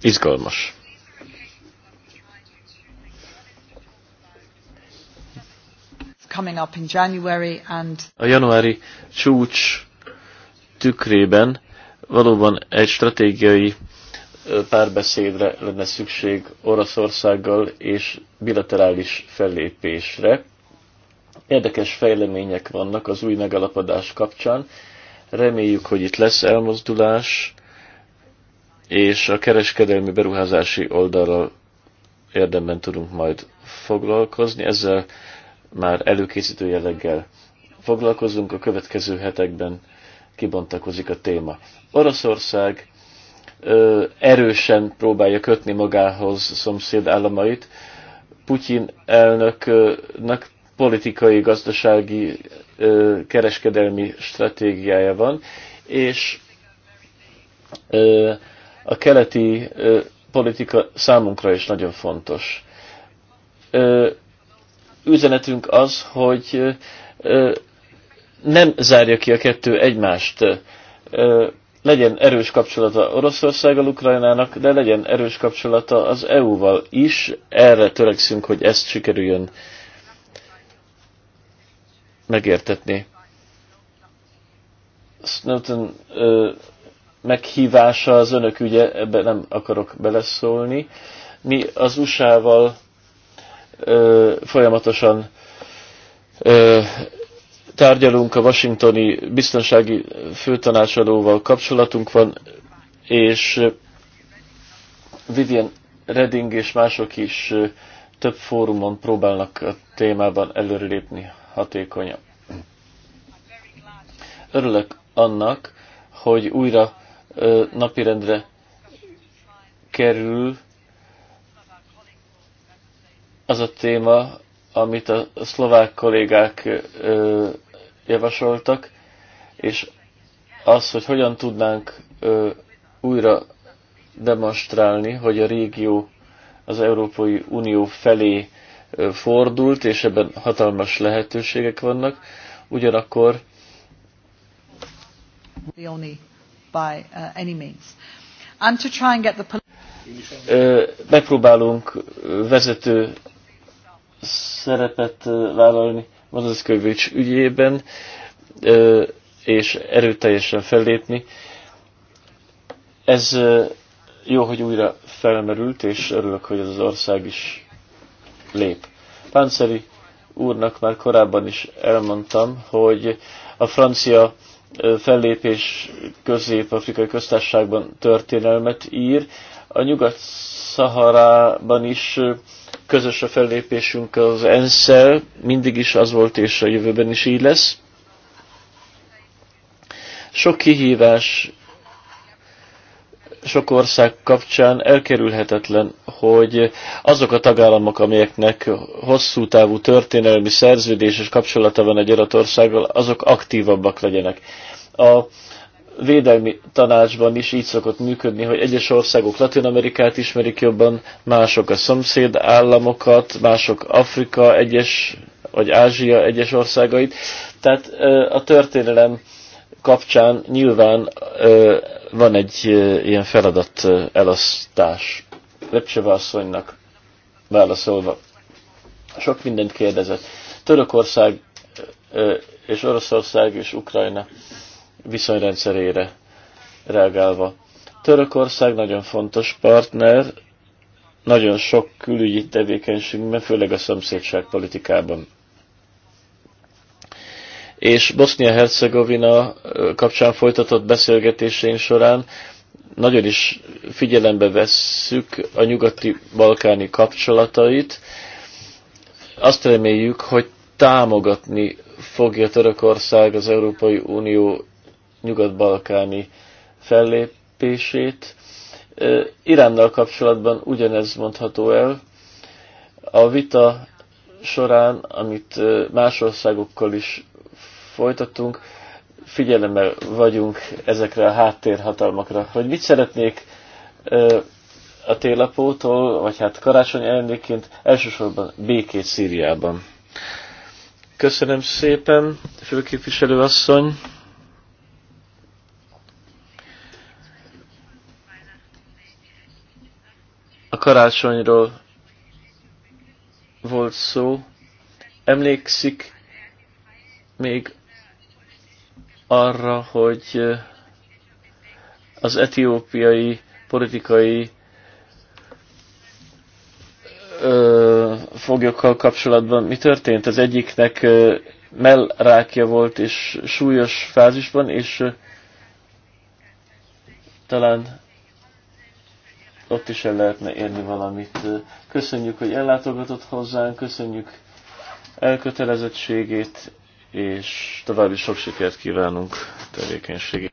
izgalmas. coming up in January and a januári csúcs tükrében valóban egy stratégiai párbeszédre lenne szükség Oroszországgal és bilaterális fellépésre. Érdekes fejlemények vannak az új megalapodás kapcsán. Reméljük, hogy itt lesz elmozdulás, és a kereskedelmi beruházási oldalra érdemben tudunk majd foglalkozni. Ezzel már előkészítő jelleggel foglalkozunk, a következő hetekben kibontakozik a téma. Oroszország ö, erősen próbálja kötni magához szomszéd államait. Putyin elnöknek politikai, gazdasági, ö, kereskedelmi stratégiája van, és ö, a keleti ö, politika számunkra is nagyon fontos. Ö, üzenetünk az, hogy nem zárja ki a kettő egymást. Legyen erős kapcsolata Oroszországgal, Ukrajnának, de legyen erős kapcsolata az EU-val is. Erre törekszünk, hogy ezt sikerüljön megértetni. Snowden ö, meghívása az önök ügye, ebbe nem akarok beleszólni. Mi az USA-val ö, folyamatosan ö, tárgyalunk a washingtoni biztonsági főtanácsadóval kapcsolatunk van, és Vivian Redding és mások is több fórumon próbálnak a témában előrelépni hatékonyan. Örülök annak, hogy újra napirendre kerül az a téma, amit a szlovák kollégák ö, javasoltak, és az, hogy hogyan tudnánk ö, újra demonstrálni, hogy a régió az Európai Unió felé ö, fordult, és ebben hatalmas lehetőségek vannak, ugyanakkor uh, megpróbálunk vezető szerepet vállalni Vanaszkövics ügyében, és erőteljesen fellépni. Ez jó, hogy újra felmerült, és örülök, hogy ez az ország is lép. Pánceri úrnak már korábban is elmondtam, hogy a francia fellépés Közép-Afrikai Köztársaságban történelmet ír, a Nyugat-Szaharában is közös a fellépésünk az ensz mindig is az volt, és a jövőben is így lesz. Sok kihívás sok ország kapcsán elkerülhetetlen, hogy azok a tagállamok, amelyeknek hosszú távú történelmi szerződéses kapcsolata van egy adott országgal, azok aktívabbak legyenek. A védelmi tanácsban is így szokott működni, hogy egyes országok Latin Amerikát ismerik jobban, mások a szomszéd államokat, mások Afrika egyes vagy Ázsia egyes országait. Tehát a történelem kapcsán nyilván van egy ilyen feladat elasztás. Lepseva asszonynak válaszolva. Sok mindent kérdezett. Törökország és Oroszország és Ukrajna viszonyrendszerére reagálva. Törökország nagyon fontos partner, nagyon sok külügyi tevékenységben, főleg a szomszédság politikában. És Bosznia-Hercegovina kapcsán folytatott beszélgetésén során nagyon is figyelembe vesszük a nyugati-balkáni kapcsolatait. Azt reméljük, hogy támogatni fogja Törökország az Európai Unió nyugat-balkáni fellépését. Iránnal kapcsolatban ugyanez mondható el. A vita során, amit más országokkal is folytatunk, figyelemmel vagyunk ezekre a háttérhatalmakra, hogy mit szeretnék a télapótól, vagy hát karácsony elnökként, elsősorban békét Szíriában. Köszönöm szépen, főképviselő asszony! karácsonyról volt szó. Emlékszik még arra, hogy az etiópiai politikai ö, foglyokkal kapcsolatban mi történt? Az egyiknek mellrákja volt, és súlyos fázisban, és ö, talán ott is el lehetne érni valamit. Köszönjük, hogy ellátogatott hozzánk, köszönjük elkötelezettségét, és további sok sikert kívánunk tevékenységét.